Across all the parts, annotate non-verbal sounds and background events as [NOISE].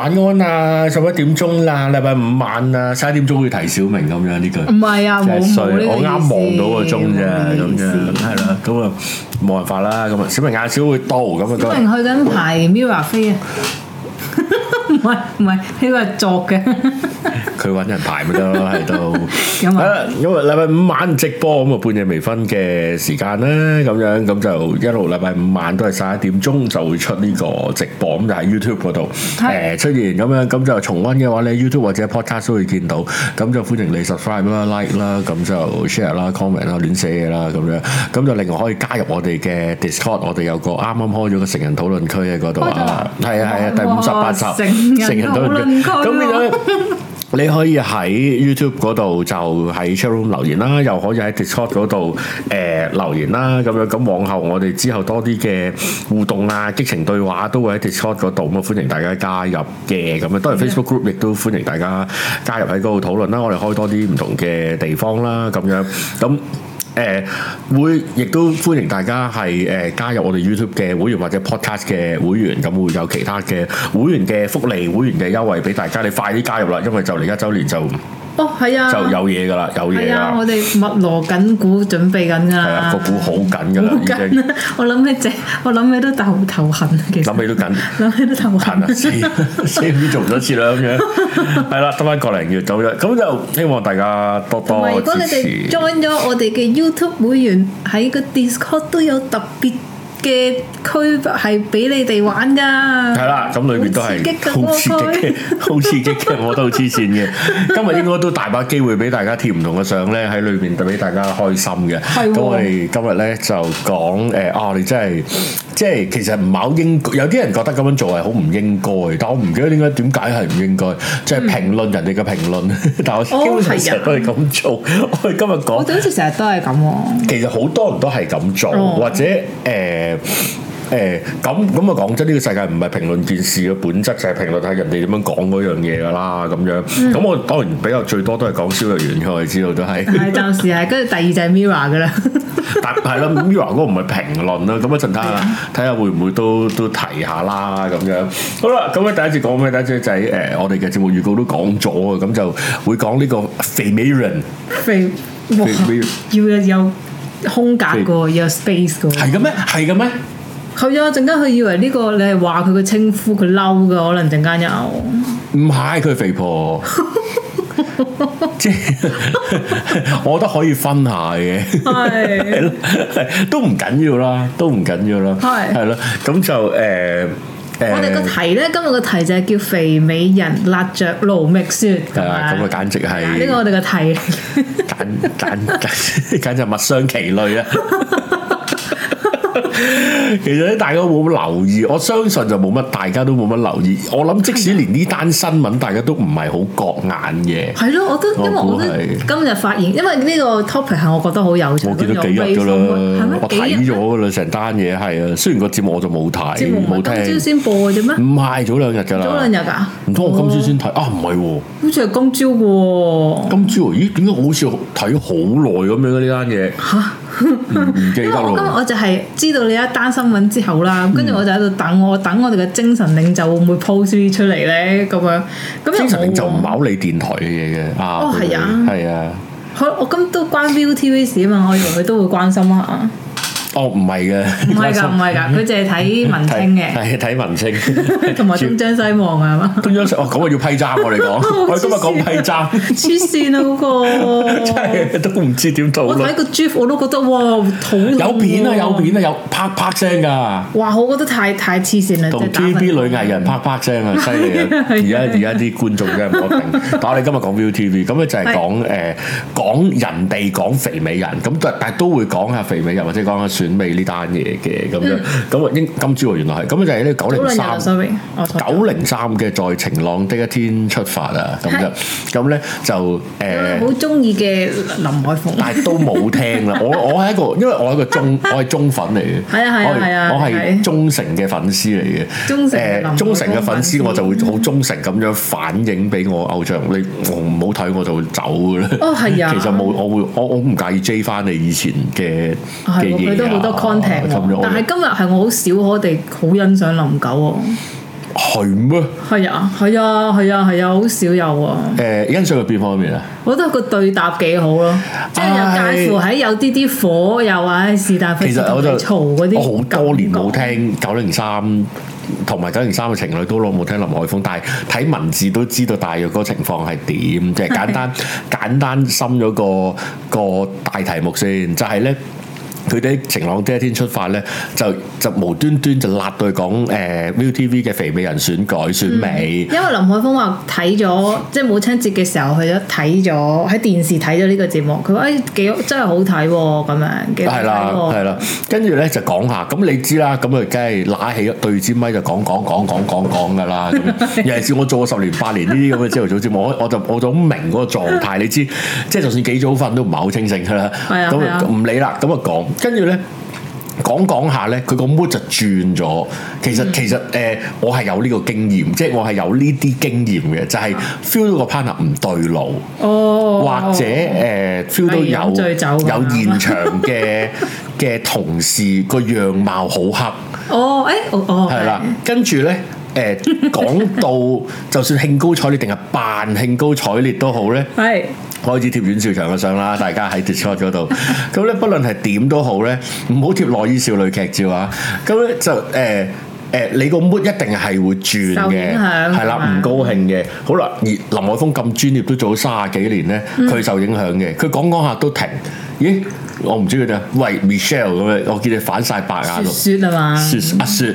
晚安啊，十一點鐘啦、啊，禮拜五晚啊，十一點鐘要提小明咁樣呢句。唔係啊，我冇呢啲事。我啱望到個鐘啫，咁樣係啦，咁、嗯、啊冇辦法啦，咁啊小明晏少會到咁啊。小明麼都去緊排 Mirror 飛啊。唔係唔係，呢個係作嘅。佢 [LAUGHS] 揾人排咪得咯，喺度、 [LAUGHS] 啊啊。因為因為禮拜五晚直播咁啊，半夜微醺嘅時間啦，咁樣咁就一路禮拜五晚都係十一點鐘就會出呢個直播，咁就喺 YouTube 嗰度誒是、欸、出現咁樣，咁就重溫嘅話咧，YouTube 或者 Podcast 都會見到。咁就歡迎你 subscribe 啦、like、啊、啦、咁就 share 啦、comment、啊、啦、亂寫嘢啦咁樣。咁、啊就，啊、就另外可以加入我哋嘅 Discord，我哋有個啱啱開咗個成人討論區喺嗰度啊。係啊係啊，第五十八集。成人都係咁，咁你可以喺 YouTube 度就喺 Chatroom 留言啦，又可以喺 Discord 度誒、呃、留言啦。咁樣，咁往後我哋之後多啲嘅互動啊、激情對話都會喺 Discord 度咁啊，歡迎大家加入嘅咁啊，當然 Facebook Group 亦的都歡迎大家加入喺嗰度討論啦。我哋開多啲唔同嘅地方啦，咁樣。咁。誒會，亦都歡迎大家係誒、呃、加入我哋 YouTube 嘅會員或者 Podcast 嘅會員，咁會有其他嘅會員嘅福利、會員嘅優惠俾大家。你快啲加入啦，因為就嚟一周年就～哦，係啊！就有嘢噶啦，有嘢啊！我哋密鑼緊鼓準備緊噶啦，個鼓好緊噶啦，已經。我諗起整，我諗起都頭頭痕啊，其實。諗起都緊。諗起都頭痕。痕啊！C V 做唔到次啦咁樣，係啦，得翻個零月走咗，咁就希望大家多多支持。join 咗我哋嘅 YouTube 會員喺個 Discord 都有特別。嘅區係俾你哋玩噶，係啦，咁裏邊都係好刺激嘅，好 [NOISE] 刺激嘅， [LAUGHS] 我都好黐線嘅。 [LAUGHS] 今日應該都大把機會俾大家貼唔同嘅相咧喺裏邊，帶俾大家開心嘅。係、哦，咁我哋今日咧就講誒、呃，啊，你真係～即係其實唔係好應，有啲人覺得咁樣做係好唔應該，但我唔記得點解點解係唔應該，即係評論人哋嘅評論，但我基本上成日都係咁做。我哋今日講，我哋好似成日都係咁。其實好多人都係咁做，oh. 或者誒。呃誒咁咁啊！講、欸、真，呢、這個世界唔係評論件事嘅本質，就係評論睇人哋點樣講嗰樣嘢㗎啦。咁樣咁、嗯、我當然比較最多都係講笑嘅元素，我知道都係。係就係，跟、嗯、住 [LAUGHS] 第二就係 Mirror 嘅啦。但係咯，Mirror 嗰個唔係評論啦。咁 [LAUGHS] 一陣睇下，睇下會唔會都都提下啦。咁樣好啦。咁啊，第一節講咩？第一節就係誒，我哋嘅節目預告都講咗啊。咁就會講呢、這個肥美人。肥哇！要有空格個，有 space 個。係嘅咩？係嘅咩？佢啊，陣間佢以為呢個你係話佢個稱呼，佢嬲噶，可能陣間又唔係佢肥婆，即係 [LAUGHS] [LAUGHS] 我覺得可以分下嘅，係都唔緊要啦，都唔緊要啦，係係咯，咁是就誒誒，呃、我哋個題咧，今日個題就係叫肥美人焫著盧覓雪，係啊，咁啊簡直係呢個我哋個題 [LAUGHS] 簡，簡簡簡簡就物傷其類啊。 [LAUGHS] 其實咧，大家冇留意，我相信就冇乜，大家都冇乜留意。我諗即使連呢單新聞，大家都唔係好覺眼嘅。係咯，我都因為今日發現，因為呢個 topic 係我覺得好有趣。我見到幾日噶啦，我睇咗噶啦，成單嘢係啊。雖然個節目我就冇睇，冇聽。今朝先播嘅咩？唔係早兩日噶啦，早兩日噶。唔通我今朝先睇？啊，唔係，好似係今朝嘅。今朝？咦，點解好似睇好耐咁樣呢單嘢吓？ [LAUGHS] 因為我今日我就係知道你一單新聞之後啦，跟住、嗯、我就喺度等我等我哋嘅精神領袖會唔會 post 出嚟咧，咁樣咁精神領袖唔係你電台嘅嘢嘅。哦係啊，係啊，我我今都關 ViuTV 事啊嘛，我以為佢都會關心下。 [LAUGHS] 哦，唔係嘅，唔係㗎，唔係㗎，佢淨係睇文青嘅，睇文青，同埋東張西望啊，東張西哦，咁啊要批爭我哋講，我哋今日講批爭，黐線啊嗰個，真係都唔知點做啦。我睇個 GIF 我都覺得哇，好有片啊，有片啊，有啪啪聲㗎，哇！我覺得太太黐線啦，同 TVB 女藝人啪啪聲啊，犀利啊！而家而家啲觀眾真係唔得頂，但我哋今日講 ViuTV 咁咧就係講誒講人哋講肥美人，咁但係都會講下肥美人或者講下選美呢單嘢嘅咁樣，咁應今朝原來係咁，就係呢九零三九零三嘅在晴朗的一天出發啊咁嘅，咁咧就誒好中意嘅林海峰，但係都冇聽啦。我我係一個，因為我係一個中我係忠粉嚟嘅，係啊係啊，我係忠誠嘅粉絲嚟嘅，誒忠誠嘅粉絲我就會好忠誠咁樣反映俾我偶像。你唔好睇我就走㗎啦。哦係啊，其實冇我會我我唔介意追翻你以前嘅嘅嘢。好多 content，但係今日係我好少，我哋好欣賞林狗喎。係咩？係啊，係啊，係啊，係啊，好少有啊。誒，欣賞嘅邊方面啊？我覺得個對答幾好咯，即係又介乎喺有啲啲火又話是但非，其實我哋嘈嗰啲。我好多年冇聽九零三，同埋九零三嘅晴朗都冇冇聽林海峰。但係睇文字都知道大約嗰個情況係點，即係簡單簡單深咗個個大題目先，就係咧。佢哋晴朗第一天出發咧，就就無端端就辣到去講誒 ViuTV 嘅肥美人選改選美，嗯。因為林海峰話睇咗，即係母親節嘅時候佢都睇咗喺電視睇咗呢個節目，佢話誒幾真係好睇喎咁樣，幾係啦，係啦，跟住咧就講下。咁你知啦，咁佢梗係拿起對尖咪就講講講講講講㗎啦。尤其是，的是我做咗十年八年呢啲咁嘅朝頭早節目，我就我就我就明嗰個狀態。你知即係就算幾早瞓都唔係好清醒㗎啦。係啊，唔理啦，咁啊講。跟住呢，講講下呢，佢個 mood 就轉咗。其實、嗯、其實誒、呃，我係有呢個經驗，即係我係有呢啲經驗嘅，就係、是、feel 到個 partner 唔對路，哦、或者誒 feel、呃、到有有現場嘅嘅 [LAUGHS] 同事個樣貌好黑哦誒。哦，誒，哦哦，係啦，跟住呢。誒，講到就算興高采烈，定係扮興高采烈都好咧，係開始貼阮兆祥嘅相啦。大家喺 Discord 嗰度，咁咧不論係點都好咧，唔好貼內衣少女劇照啊。咁咧就誒誒，你個 mood 一定係會轉嘅。係啦，唔高興嘅。好啦，而林海峰咁專業都做咗卅幾年咧，佢受影響嘅，佢講講下都停。咦，我唔知佢啊，喂 Michelle 咁樣，我見你反晒白眼，雪啊嘛，阿雪。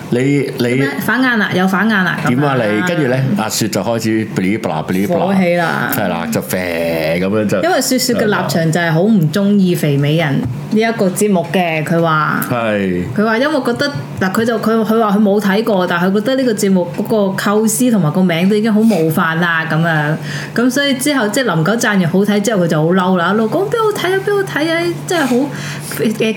你你反眼啦，又反眼啦。點啊你？跟住咧，阿雪就開始噼哩啪啦、噼哩啪啦，火起啦，係啦，就肥咁樣就。因為雪雪嘅立場就係好唔中意肥美人呢一個節目嘅，佢話係。佢話是因為覺得嗱，佢就佢佢話佢冇睇過，但係佢覺得呢個節目嗰個構思同埋個名都已經好冒犯啦咁啊。咁所以之後即係、就是、林狗讚完好睇之後，佢就好嬲啦。老公邊好睇啊？邊好睇啊？真係好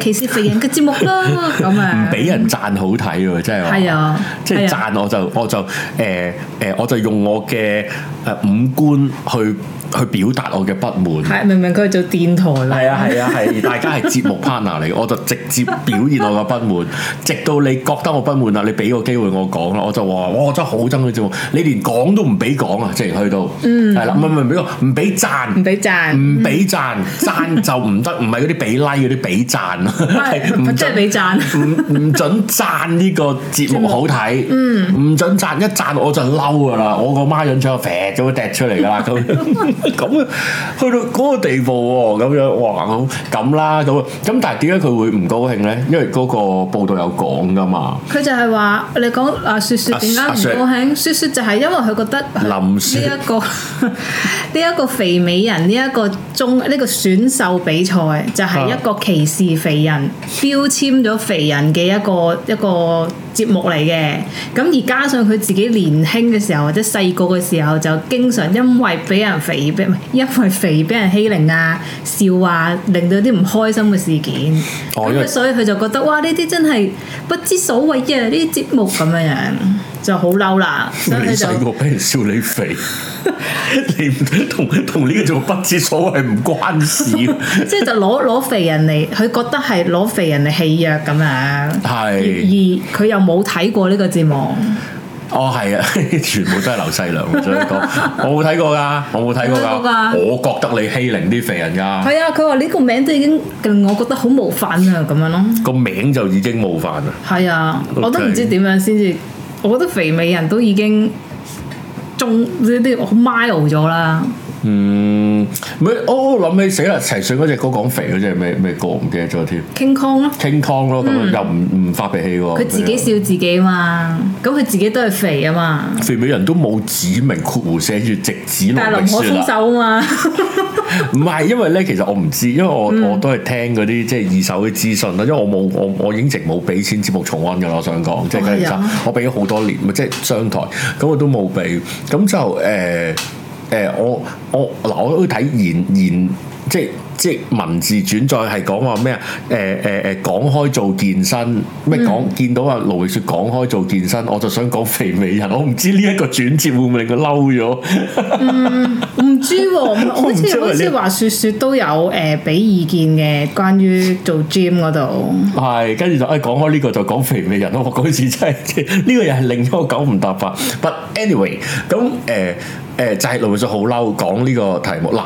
歧視肥人嘅節目啦咁啊！唔俾 [LAUGHS] 人讚好睇喎，真係。 [LAUGHS] 係啊，哎、即係讚我對我。我就我就誒誒，我就用我嘅。誒五官去去表達我嘅不滿，係明明佢做電台啦，係啊係啊係，大家係節目 partner 嚟，我就直接表現我嘅不滿，直到你覺得我不滿啦，你俾個機會我講啦，我就話，我真係好憎呢個節目，你連講都唔俾講啊！即係去到，係啦，唔唔唔俾，唔俾讚，唔俾讚，唔俾讚，讚就唔得，唔係嗰啲俾 like，嗰啲，俾讚啊，唔即係俾讚，唔唔准讚呢個節目好睇，唔准讚一讚我就嬲㗎啦，我個孖潤腸要就會踢出嚟噶啦，咁咁啊，去到嗰個地步喎，咁樣哇，咁咁啦，咁咁，但係點解佢會唔高興咧？因為嗰個報道有講噶嘛，佢就係話你講阿、啊、雪雪點解唔高興，啊啊、雪、雪雪就係因為佢覺得、這個、林呢一個呢一個肥美人呢一個中呢、這個選秀比賽就係一個歧視肥人，啊、標籤咗肥人嘅一個一個。一個節目嚟嘅，咁而加上佢自己年輕嘅時候或者細個嘅時候，時候就經常因為俾人肥俾因為肥俾人欺凌啊、笑話、啊，令到啲唔開心嘅事件，咁 [LAUGHS] 所以佢就覺得哇呢啲真係不知所謂啊！呢啲節目咁樣樣。就好嬲啦！你細個俾人笑你肥， [LAUGHS] 你唔同同呢個做不知所謂唔關事，即係 [LAUGHS] 就攞攞肥人嚟，佢覺得係攞肥人嚟欺辱咁樣。係是而佢又冇睇過呢個節目。哦，係啊，全部都係劉細良做一個，我冇睇過㗎，我冇睇過㗎， [LAUGHS] 我覺得你欺凌啲肥人㗎。係啊，佢話呢個名都已經，我覺得好冒犯啊，咁樣咯。個名就已經冒犯啊。係啊 Okay，我都唔知點樣先至。我覺得肥美人都已經中呢啲好 mild 咗啦。嗯，唔係，哦，我諗起死啦！齊水嗰隻歌講肥嗰隻咩咩歌？唔記得咗添。傾康咯。傾康咯，咁又唔唔發脾氣喎。佢自己笑自己嘛，咁佢、嗯嗯、自己都係肥啊嘛。肥美人都冇指明括弧寫住直指。但係林可風收啊嘛。唔 [LAUGHS] 係，因為咧，其實我唔知，因為我、嗯、我都係聽嗰啲即係二手嘅資訊啦。因為我冇我我已經直冇俾錢節目重溫嘅啦。我想講即係即 s, 其實我俾咗好多年，咪即係商台咁，我都冇俾，咁就誒。誒我我嗱我都睇言言即即文字轉載係講話咩啊誒誒誒講開做健身咩講見到阿盧覓雪講開做健身我就想講肥美人我唔知呢一個轉折會唔會令佢嬲咗？唔唔、嗯、知喎、啊， [LAUGHS] 知好似好似話雪雪都有誒俾、呃、意見嘅關於做 gym 嗰度係跟住就誒、哎、講開呢個就講肥美人咯，嗰次真係呢、這個又係令我狗唔答法。But anyway 咁誒。呃呃誒、嗯、就係盧覓雪好嬲，講呢個題目嗱，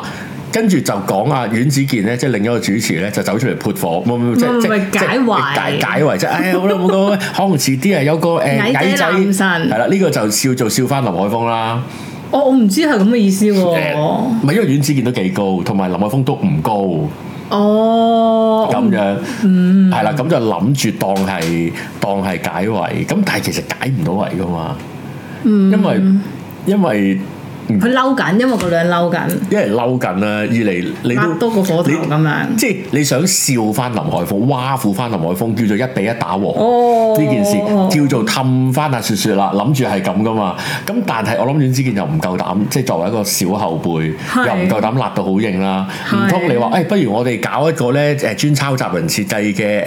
跟住就講阿阮子健咧，即、就、係、是、另一個主持咧，就走出嚟潑火，唔即係即係解解解圍啫。 [LAUGHS] 哎呀，好啦，唔好講啦，可能遲啲啊，有個誒、呃、矮仔，係啦，呢、這個就笑做笑返林海峰啦、哦。我我唔知係咁嘅意思喎、啊，唔係因為阮子健都幾高，同埋林海峰都唔高哦，咁樣係啦，咁、嗯、就諗住當係當係解圍，咁但係其實解唔到圍噶嘛，因為因為。因為因為因為因為佢嬲緊，因為嗰兩嬲緊。一嚟嬲緊啦，二嚟你多個火頭咁樣。即係你想笑翻林海峰，挖苦翻林海峰，叫做一比一打和。哦，呢件事叫做氹翻阿雪雪啦，諗住係咁噶嘛。咁但係我諗袁子健又唔夠膽，即係作為一個小後輩，又唔夠膽立到好硬啦。唔通你話誒，不如我哋搞一個咧誒專抄襲人設計嘅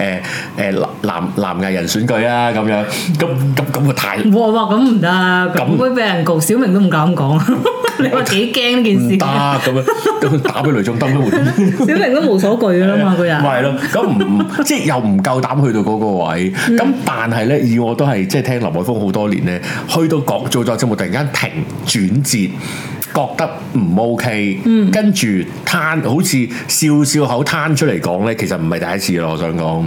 誒誒男男藝人選舉啊咁樣。咁咁咁個太哇哇咁唔得，咁會俾人告。小明都唔敢講。 [LAUGHS] 你話幾驚呢件事？唔得咁樣，咁佢打俾雷仲登都冇。 [LAUGHS] 小明都冇所懼啦嘛，佢人， [LAUGHS] 唔係啦。咁唔 [LAUGHS] 即係又唔夠膽去到嗰個位。咁、嗯、但係咧，以我都係即係聽林海峰好多年咧，去到各做咗節目突然間停轉折，覺得唔 OK。嗯、跟住攤好似笑笑口攤出嚟講咧，其實唔係第一次咯。我想講。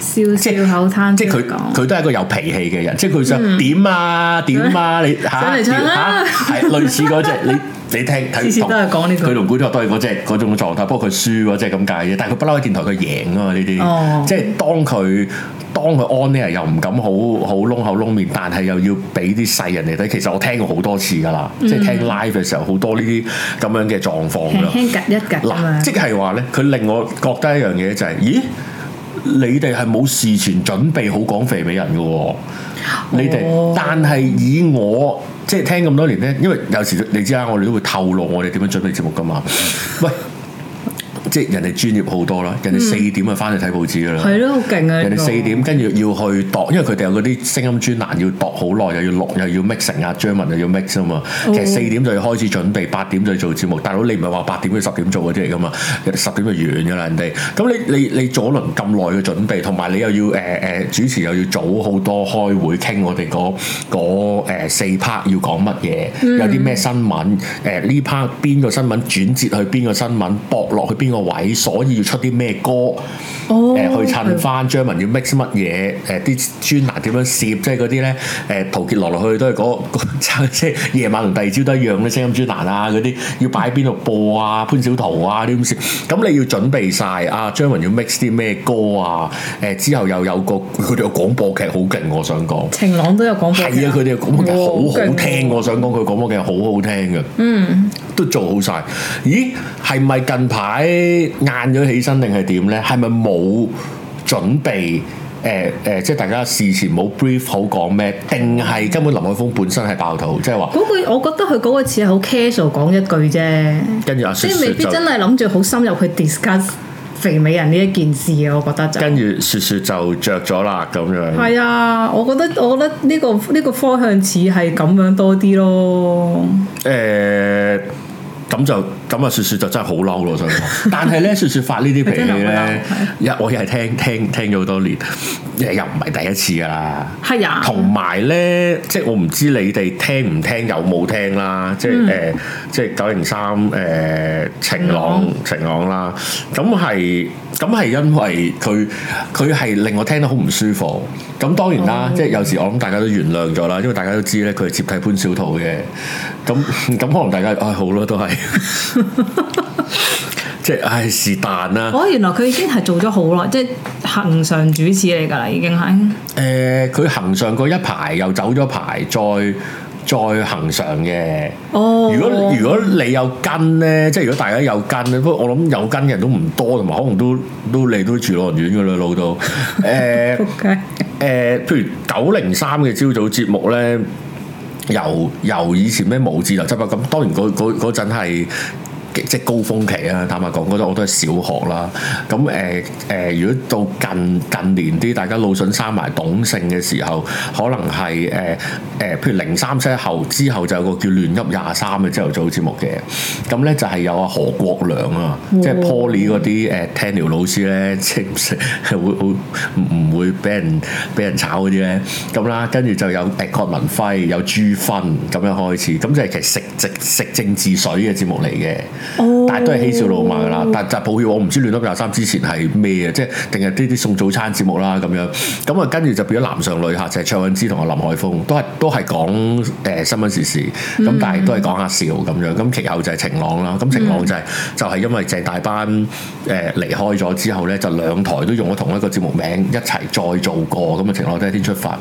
笑即口攤，即係佢佢都係一個有脾氣嘅人，即係佢想點啊點啊，你嚇嚇係類似嗰隻，你你聽，次次都係講呢佢同古天樂都係嗰隻嗰種狀態，不過佢輸喎，即係咁解啫。但係佢不嬲喺電台，佢贏啊嘛呢啲，即係當佢當佢安呢又唔敢好好窿口窿面，但係又要俾啲細人嚟睇。其實我聽過好多次㗎啦，即係聽 live 嘅時候好多呢啲咁樣嘅狀況啦，一夾嗱，即係話咧，佢令我覺得一樣嘢就係，咦？你哋係冇事前準備好講肥美人嘅喎，哦、你哋，但係以我即係聽咁多年咧，因為有時你知啦，我哋都會透露我哋點樣準備節目㗎嘛，喂。 [LAUGHS] 即係人哋專業好多啦，人哋四點就翻去睇報紙㗎啦。係咯、嗯，好勁啊！人哋四點跟住要去度，因為佢哋有嗰啲聲音專欄要度好耐，又要錄，又要 mix 啊張文又要 mix 啊嘛。其實四點就要開始準備，八點就要做節目。大佬你唔係話八點去十點做嗰啲嚟㗎嘛？十點就完㗎啦，人哋。咁你你你左輪咁耐嘅準備，同埋你又要誒誒、呃、主持又要早好多開會傾我哋嗰四 part 要講乜嘢，嗯、有啲咩新聞誒呢 part 邊個新聞轉接去邊個新聞，駁落去邊個？位，所以要出啲咩歌，誒、oh, 呃、去襯翻。張文要 mix 乜嘢？誒啲、啊、專欄點樣攝，即係嗰啲咧誒，陶傑落落去都係嗰、那個，即係夜晚同第二朝都一樣嘅聲音專欄啊，嗰啲要擺邊度播啊， [LAUGHS] 潘小桃啊啲咁先。咁你要準備晒 [LAUGHS] 啊，張文要 mix 啲咩歌啊？誒、啊、之後又有個佢哋有廣播劇好勁，我想講。晴朗都有廣播劇啊！佢哋廣播劇、 [LAUGHS] 哦、好好聽，我想講佢廣播劇好好聽嘅。嗯。 [LAUGHS] 都做好晒，咦？係咪近排晏咗起身定係點咧？係咪冇準備？誒、呃、誒、呃，即係大家事前冇 brief 好講咩？定係根本林海峰本身係爆肚，即係話嗰個我覺得佢嗰個詞係好 casual 講一句啫。跟住阿未必真係諗住好深入去 discuss 肥美人呢一件事嘅，我覺得就。跟住雪雪就着咗啦，咁樣。係啊，我覺得我覺得呢個呢個方向似係咁樣多啲咯。誒、欸。咁就咁啊！雪雪就真係好嬲咯，所 [NOISE] 以樂。 [LAUGHS] 但係咧，雪雪發呢啲脾氣咧，一 [LAUGHS] 我又係聽聽聽咗好多年，又唔係第一次噶啦。係啊。同埋咧，即係我唔知你哋聽唔聽，有冇聽啦？即係誒、嗯呃，即係九零三誒，晴朗晴朗啦。咁係。啊。咁係因為佢佢係令我聽得好唔舒服。咁當然啦，oh. 即係有時我諗大家都原諒咗啦，因為大家都知咧，佢係接替潘小桃嘅。咁咁可能大家唉、哎、好咯，都係 [LAUGHS] 即係唉是但啦。哎、哦，原來佢已經係做咗好耐，即係恆常主持嚟噶啦，已經係。誒、呃，佢恆常過一排，又走咗排，再。再行上嘅，哦、如果如果你有跟咧，即係如果大家有跟，不過我諗有跟嘅人都唔多，同埋可能都都你都住老人院嘅啦，老到誒誒，譬如九零三嘅朝早節目咧，由由以前咩冇字頭執啊，咁當然嗰嗰嗰陣係。即係高峰期啊！坦白講，嗰陣我都係小學啦。咁誒誒，如果到近近年啲，大家老迅生埋董姓嘅時候，可能係誒誒，譬如零三七後之後就有個叫亂噏廿三嘅之後做節目嘅。咁咧就係有阿何國良啊，即係 Poly 嗰啲誒 tenure 老師咧，即係唔識會唔會俾人俾人炒嗰啲咧。咁啦，跟住就有阿郭文輝，有朱芬咁樣開始。咁就係其實食食食政治水嘅節目嚟嘅。但係都係嬉笑怒罵噶啦，但就抱歉，我唔知亂咗廿三之前係咩啊，即係定係呢啲送早餐節目啦咁樣，樣，咁啊跟住就變咗男上女下，就係卓韻芝同阿林海峰，都係都係講誒新聞時事，咁但係都係講下笑咁樣，咁其後就係晴朗啦，咁晴朗就係、是、就係、是、因為鄭大班誒、呃、離開咗之後咧，就兩台都用咗同一個節目名一齊再做過，咁啊晴朗都係一天出發。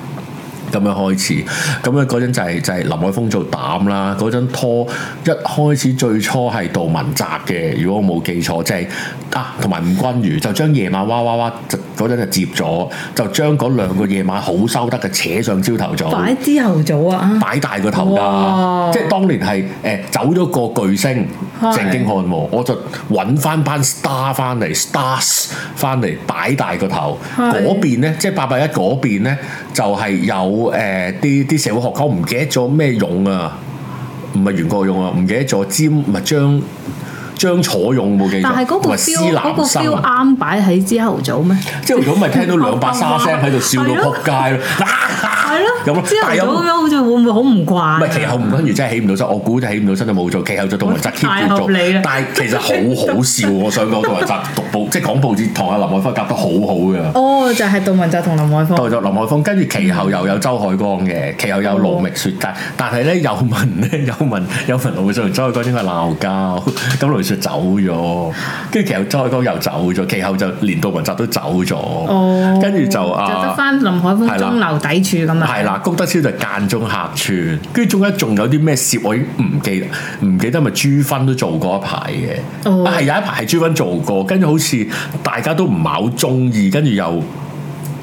咁樣開始，咁樣嗰陣就係、係、就係、係、林海峯做膽啦。嗰陣拖一開始最初係杜汶澤嘅，如果我冇記錯，即係啊，同埋吳君如就將夜晚哇哇哇，嗰陣就接咗，就將嗰兩個夜晚好收得嘅扯上朝、啊、頭早擺朝頭早啊，擺大個頭㗎的的，即係當年係誒走咗個巨星鄭經翰，我就揾翻班 star 翻嚟，stars 翻嚟擺大個頭。嗰邊咧，即係八八一嗰邊咧，就係有。誒啲啲社會學家唔記得咗咩勇啊？唔係袁國勇啊，唔記得咗張咪張張楚勇冇記住，但係嗰個雕嗰個雕啱擺喺朝頭早咩？即係如果咪聽到兩把沙聲喺度笑到撲街咯，係咯。之後咁樣好似會唔會好唔慣？唔係其後吳君如真係起唔到身，我估就起唔到身就冇做。其後就杜汶澤 keep 住做，但係其實好好笑。我想講杜汶澤讀報，即係講報紙，同阿林海峰夾得好好㗎。哦，就係杜汶澤同林海峰。杜汶澤、林海峰，跟住其後又有周海光嘅，其後有盧覓雪。但但係咧又問咧又問有份盧覓雪同周海光應該鬧交？咁盧覓雪走咗，跟住其後周海光又走咗，其後就連杜汶澤都走咗。哦，跟住就啊，就得翻林海峰中流砥柱咁啊。係啦。郭德超就間中客串，跟住中間仲有啲咩事我已經唔記得，唔記得咪朱芬都做過一排嘅。係、oh. 有一排係朱芬做過，跟住好似大家都唔係好中意，跟住又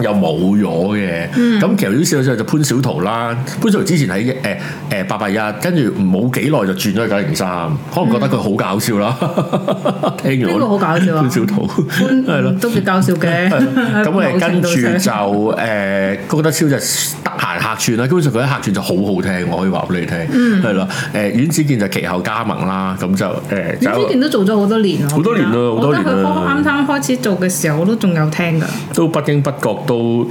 又冇咗嘅。咁、嗯、其實啲笑嘅就潘小桃啦，潘小桃之前喺誒誒八八一，跟住冇幾耐就轉咗去九零三，可能覺得佢好搞笑啦。嗯、 [LAUGHS] 聽咗了 好搞笑，啊、 [LAUGHS] 潘小桃，係咯，都幾搞笑嘅。咁誒、 [LAUGHS] 嗯，跟住就誒郭德超就。 [LAUGHS] 行客串啦，基本上佢啲客串就好好聽，我可以話俾你聽，係啦、嗯。誒，阮、呃、子健就其後加盟啦，咁就誒，阮、呃、子健都做咗好多年咯，好多年啦，好多年啦。啱啱開始做嘅時候，我都仲有聽噶，都不經不覺都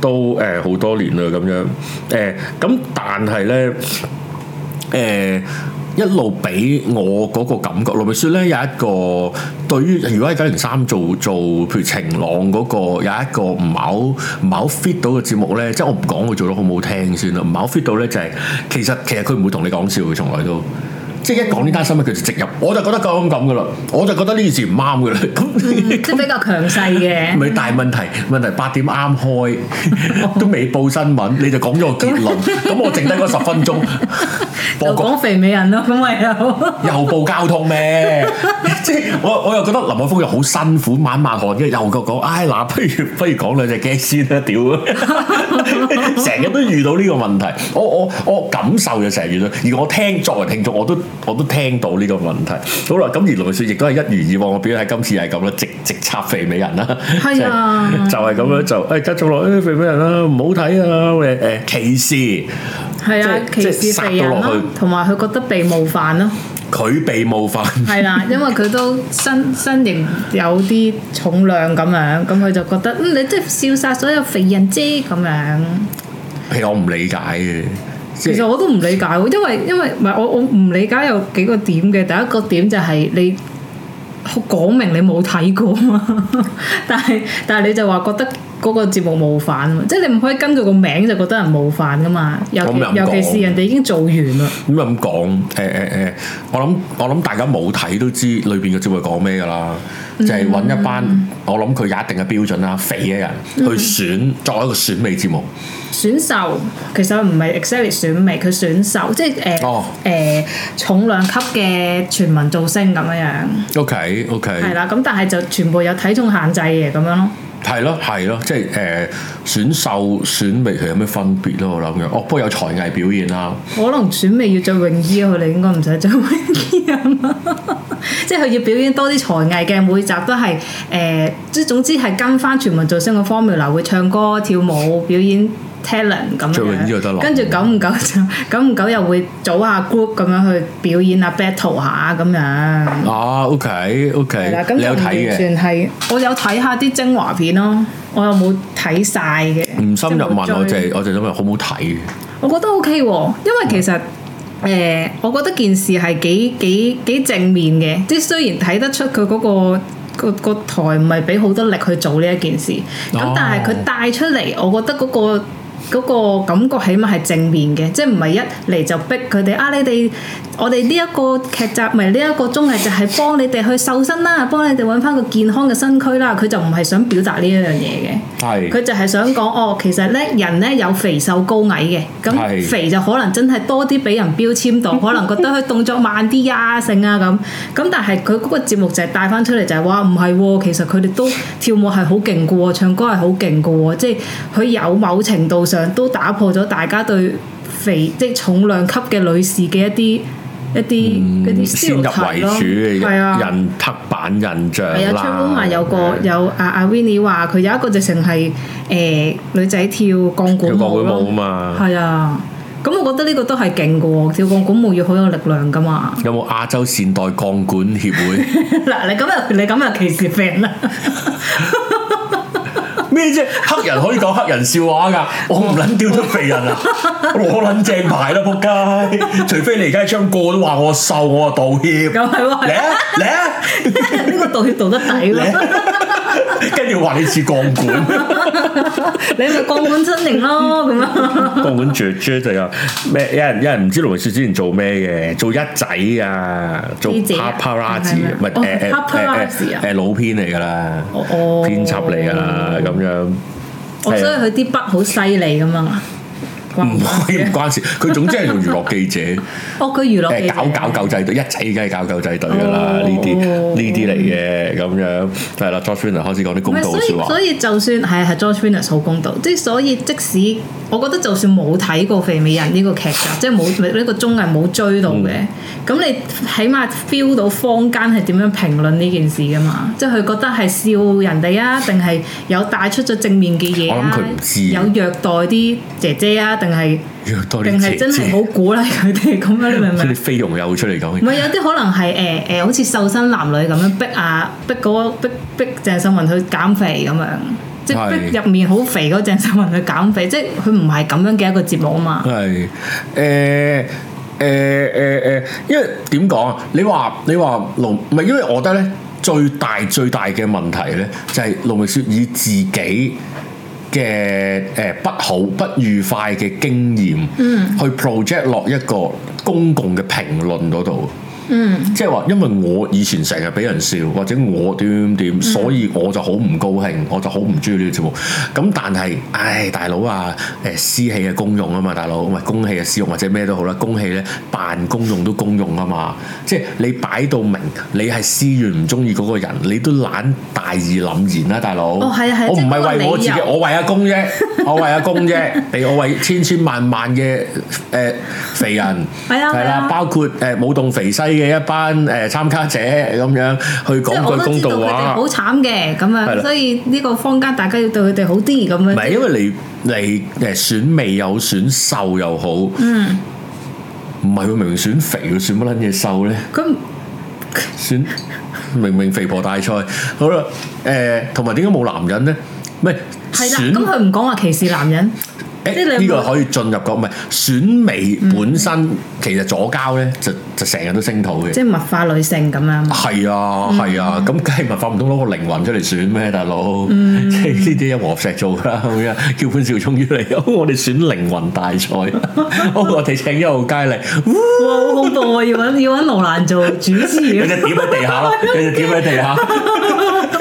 都誒好多年啦咁樣。誒、呃，咁但係咧，誒、呃。一路俾我嗰個感覺，盧覓雪咧有一個對於，如果喺九零三做做，譬如晴朗嗰個有一個唔好唔好 fit 到嘅節目咧，即係我唔講佢做得好唔好聽先啦，唔好 fit 到咧就係、是、其實其實佢唔會同你講笑嘅，從來都即係一講呢單新聞佢就直入，我就覺得夠咁咁噶啦，我就覺得呢件事唔啱噶啦，咁、嗯、 [LAUGHS] 那即係比較強勢嘅，咪 [LAUGHS] 大問題問題八點啱開 [LAUGHS] 都未報新聞，你就講咗個結論，咁 [LAUGHS] [LAUGHS] 我剩低嗰十分鐘。我講肥美人咯，咁咪又又報交通咩？即係 [LAUGHS] [LAUGHS] 我我又覺得林海峰又好辛苦，抹抹汗跟又又講，唉、哎，嗱，不如不如講兩隻雞先啦，屌，成 [LAUGHS] 日 [LAUGHS] 都遇到呢個問題，我我我，我感受就成日遇到，而我聽作為聽眾，我都我都聽到呢個問題。好啦，咁而來說，亦都係一如以往，我表姐喺今次係咁啦，直直插肥美人啦，係是啊、就是，就係、是、咁樣就，誒、嗯哎，繼續落，誒、哎，肥美人啦，唔好睇啊，誒、哎、誒，歧視。係啊，即歧視肥人咯，同埋佢覺得被冒犯咯。佢被冒犯。係 [LAUGHS] 啦、啊，因為佢都身身形有啲重量咁樣，咁佢就覺得嗯，你即係消殺所有肥人啫咁樣。其實我唔理解嘅。其實我都唔理解，因為因為唔係，我我唔理解有幾個點嘅。第一個點就係你講明你冇睇過嘛， [LAUGHS] 但係但係你就話覺得。嗰個節目冒犯，即係你唔可以根據個名就覺得人冒犯噶嘛？又尤、尤其是人哋已經做完啦。點解咁講？誒誒誒，我諗我諗大家冇睇都知裏邊嘅節目講咩噶啦，嗯、就係揾一班、嗯、我諗佢有一定嘅標準啦，肥嘅人去選作為、嗯、一個選美節目。選秀其實唔係 exactly 選美，佢選秀即係誒誒重量級嘅全民造星咁樣樣。OK OK，係啦，咁但係就全部有體重限制嘅咁樣咯。係咯，係咯，即係誒、呃、選秀選美佢有咩分別咯？我諗嘅，哦，不過有才藝表演啦。我可能選美要着泳衣，啊，佢哋應該唔使着泳衣啊 [LAUGHS] [LAUGHS] 即係佢要表演多啲才藝嘅，每集都係誒，即、呃、係總之係跟翻全民做新造星嘅 formula，會唱歌、跳舞、表演。talent 咁樣，跟住久唔久就，久唔久又會組下 group 咁樣去表演啊，battle 下咁樣。啊，OK，OK，你有睇嘅？算係，我有睇下啲精華片咯，我又冇睇曬嘅。唔深入問我，就係我就諗問好唔好睇。我覺得 OK 喎，因為其實誒，我覺得件事係幾幾幾正面嘅，即係雖然睇得出佢嗰個個個台唔係俾好多力去做呢一件事，咁但係佢帶出嚟，我覺得嗰個。嗰個感覺起碼係正面嘅，即係唔係一嚟就逼佢哋啊！你哋我哋呢一個劇集，唔係呢一個綜藝就係幫你哋去瘦身啦，幫你哋揾翻個健康嘅身軀啦。佢就唔係想表達呢一樣嘢嘅，佢是就係想講哦，其實呢，人呢有肥瘦高矮嘅，咁是肥就可能真係多啲俾人標籤到，可能覺得佢動作慢啲啊，性啊咁。咁但係佢嗰個節目就係帶翻出嚟就係話唔係喎，其實佢哋都跳舞係好勁㗎喎，唱歌係好勁㗎喎，即係佢有某程度上都打破咗大家對肥即係重量級嘅女士嘅一啲一啲一啲先入為主嘅印刻板印象。係啊，昌哥話有個有阿阿 Vinnie 話佢有一個就成係誒女仔跳鋼管舞咯。係啊，咁我覺得呢個都係勁嘅喎，跳鋼管舞要好有力量噶嘛。有冇亞洲善待鋼管協會？嗱，你咁又你咁又歧視肥人啦。咩啫？黑人可以講黑人笑話㗎，我唔撚屌出肥人啦， [LAUGHS] 我撚正牌啦仆街，除非你而家一張過都話我瘦，我啊道歉。咁係喎，嚟啊嚟啊，呢個道歉道得抵咯。跟住話你似鋼管。你咪鋼管真人咯，咁樣。鋼管住住就有咩？有人一人唔知盧覓雪之前做咩嘅？做壹仔啊，做 paparazzi 唔係誒誒 p 誒老編嚟噶啦，編輯嚟噶啦，咁樣。我、oh，所以佢啲筆好犀利噶嘛。唔可以，唔關事，佢 [LAUGHS] 總之係做娛樂記者。 [LAUGHS] 哦，佢娛樂誒搞搞狗仔隊，一切梗係搞狗仔隊㗎啦，呢啲呢啲嚟嘅咁樣，係、就、啦、是。Joanna 開始講啲公道説話所，所以就算係係 Joanna 好公道，即係所以即使。我覺得就算冇睇過《肥美人》呢、這個劇集，即係冇呢個綜藝冇追到嘅，咁、嗯、你起碼 feel 到坊間係點樣評論呢件事㗎嘛？即係佢覺得係笑人哋啊，定係有帶出咗正面嘅嘢，佢有虐待啲姐姐啊，定係虐待姐姐，定係真係好鼓勵佢哋咁樣，你明唔明？啲菲傭又出嚟講，唔係有啲可能係誒誒，好、呃、似、呃呃呃呃呃、瘦身男女咁樣逼啊逼個逼逼鄭秀文去減肥咁樣。即係入是面好肥嗰隻新聞去減肥，即係佢唔係咁樣嘅一個節目啊嘛。係，誒誒誒誒，因為點講啊？你話你話盧唔係，因為我覺得咧，最大最大嘅問題咧，就係、是、盧覓雪以自己嘅誒、欸、不好不愉快嘅經驗，嗯，去 project 落一個公共嘅評論嗰度。嗯，即係話，因為我以前成日俾人笑，或者我點點點，所以我就好唔高興，我就好唔中意呢啲節目。咁但係，唉，大佬啊，誒私器嘅公用啊嘛，大佬唔係公器嘅私用或者咩都好啦，公器咧辦公用都公用啊嘛。即係你擺到明，你係私怨唔中意嗰個人，你都懶大義臨然啦，大佬。哦，係啊係。我唔係為我自己，我為阿公啫， [LAUGHS] 我為阿公啫，我為千千萬萬嘅誒、呃、肥人係啊，係啦， [LAUGHS] 包括誒舞動肥西嘅一班誒、呃、參加者，咁樣去講句公道話，佢哋好慘嘅咁啊！所以呢的個坊間大家要對佢哋好啲咁樣。唔係因為你你誒選美又選瘦又好，嗯，唔係佢明明選肥喎，那選乜撚嘢瘦咧？咁選明明肥婆大賽好啦，誒、呃，同埋點解冇男人咧？唔係，係啦，咁佢唔講話歧視男人。 [LAUGHS] 呢、欸、個可以進入講，唔係選美本身，其實左膠咧，就就成日都聲討嘅。即係物化女性咁樣。係啊，係、嗯、啊，咁梗係物化唔通攞個靈魂出嚟選咩大佬？即係呢啲有和石做㗎咁樣。 [LAUGHS] 叫潘紹聰嚟，我哋選靈魂大賽。 [LAUGHS] [LAUGHS] [LAUGHS] 我哋請一號佳麗嚟。哇！好恐怖啊！要揾要揾羅蘭做主持人。 [LAUGHS] [LAUGHS] [LAUGHS] 有隻點喺地下啦，有就點喺地下。 [LAUGHS]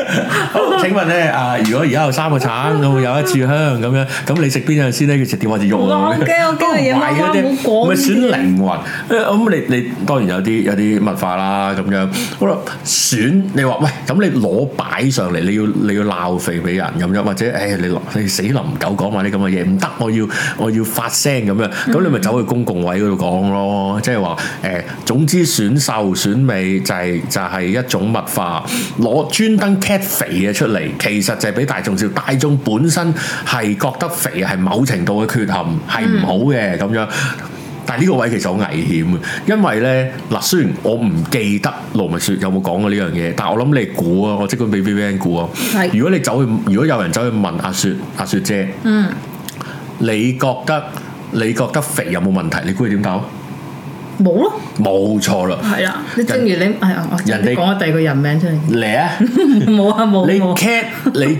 好，請問咧啊！如果而家有三個橙，咁會有一支香咁樣，咁你食邊樣先咧？要食點還是肉啊？我驚，我驚嘅嘢，我唔好講。咪選靈魂，誒咁你你當然有啲有啲物化啦咁樣。我話選，你話喂，咁你攞擺上嚟，你要你要鬧肥俾人咁樣，或者誒你你死林狗講埋啲咁嘅嘢，唔得，我要我要發聲咁樣。咁你咪走去公共位嗰度講咯，即係話誒，總之選秀、選美就係就係一種物化，攞專登肥嘅出嚟，其實就係俾大眾笑。大眾本身係覺得肥係某程度嘅缺陷，係唔好嘅咁樣。但係呢個位其實好危險嘅，因為呢。嗱，雖然我唔記得盧覓雪有冇講過呢樣嘢，但我諗你估啊，我即管俾 VVN 估啊。是如果你走去，如果有人走去問阿雪，阿雪姐，嗯，你覺得你覺得肥有冇問題？你估佢點搞？冇咯，冇錯啦，係啊的，人你正如你係啊，人哋講第二個人名出嚟嚟家啊，冇 [LAUGHS] 啊冇、啊， [LAUGHS] 你 cat 你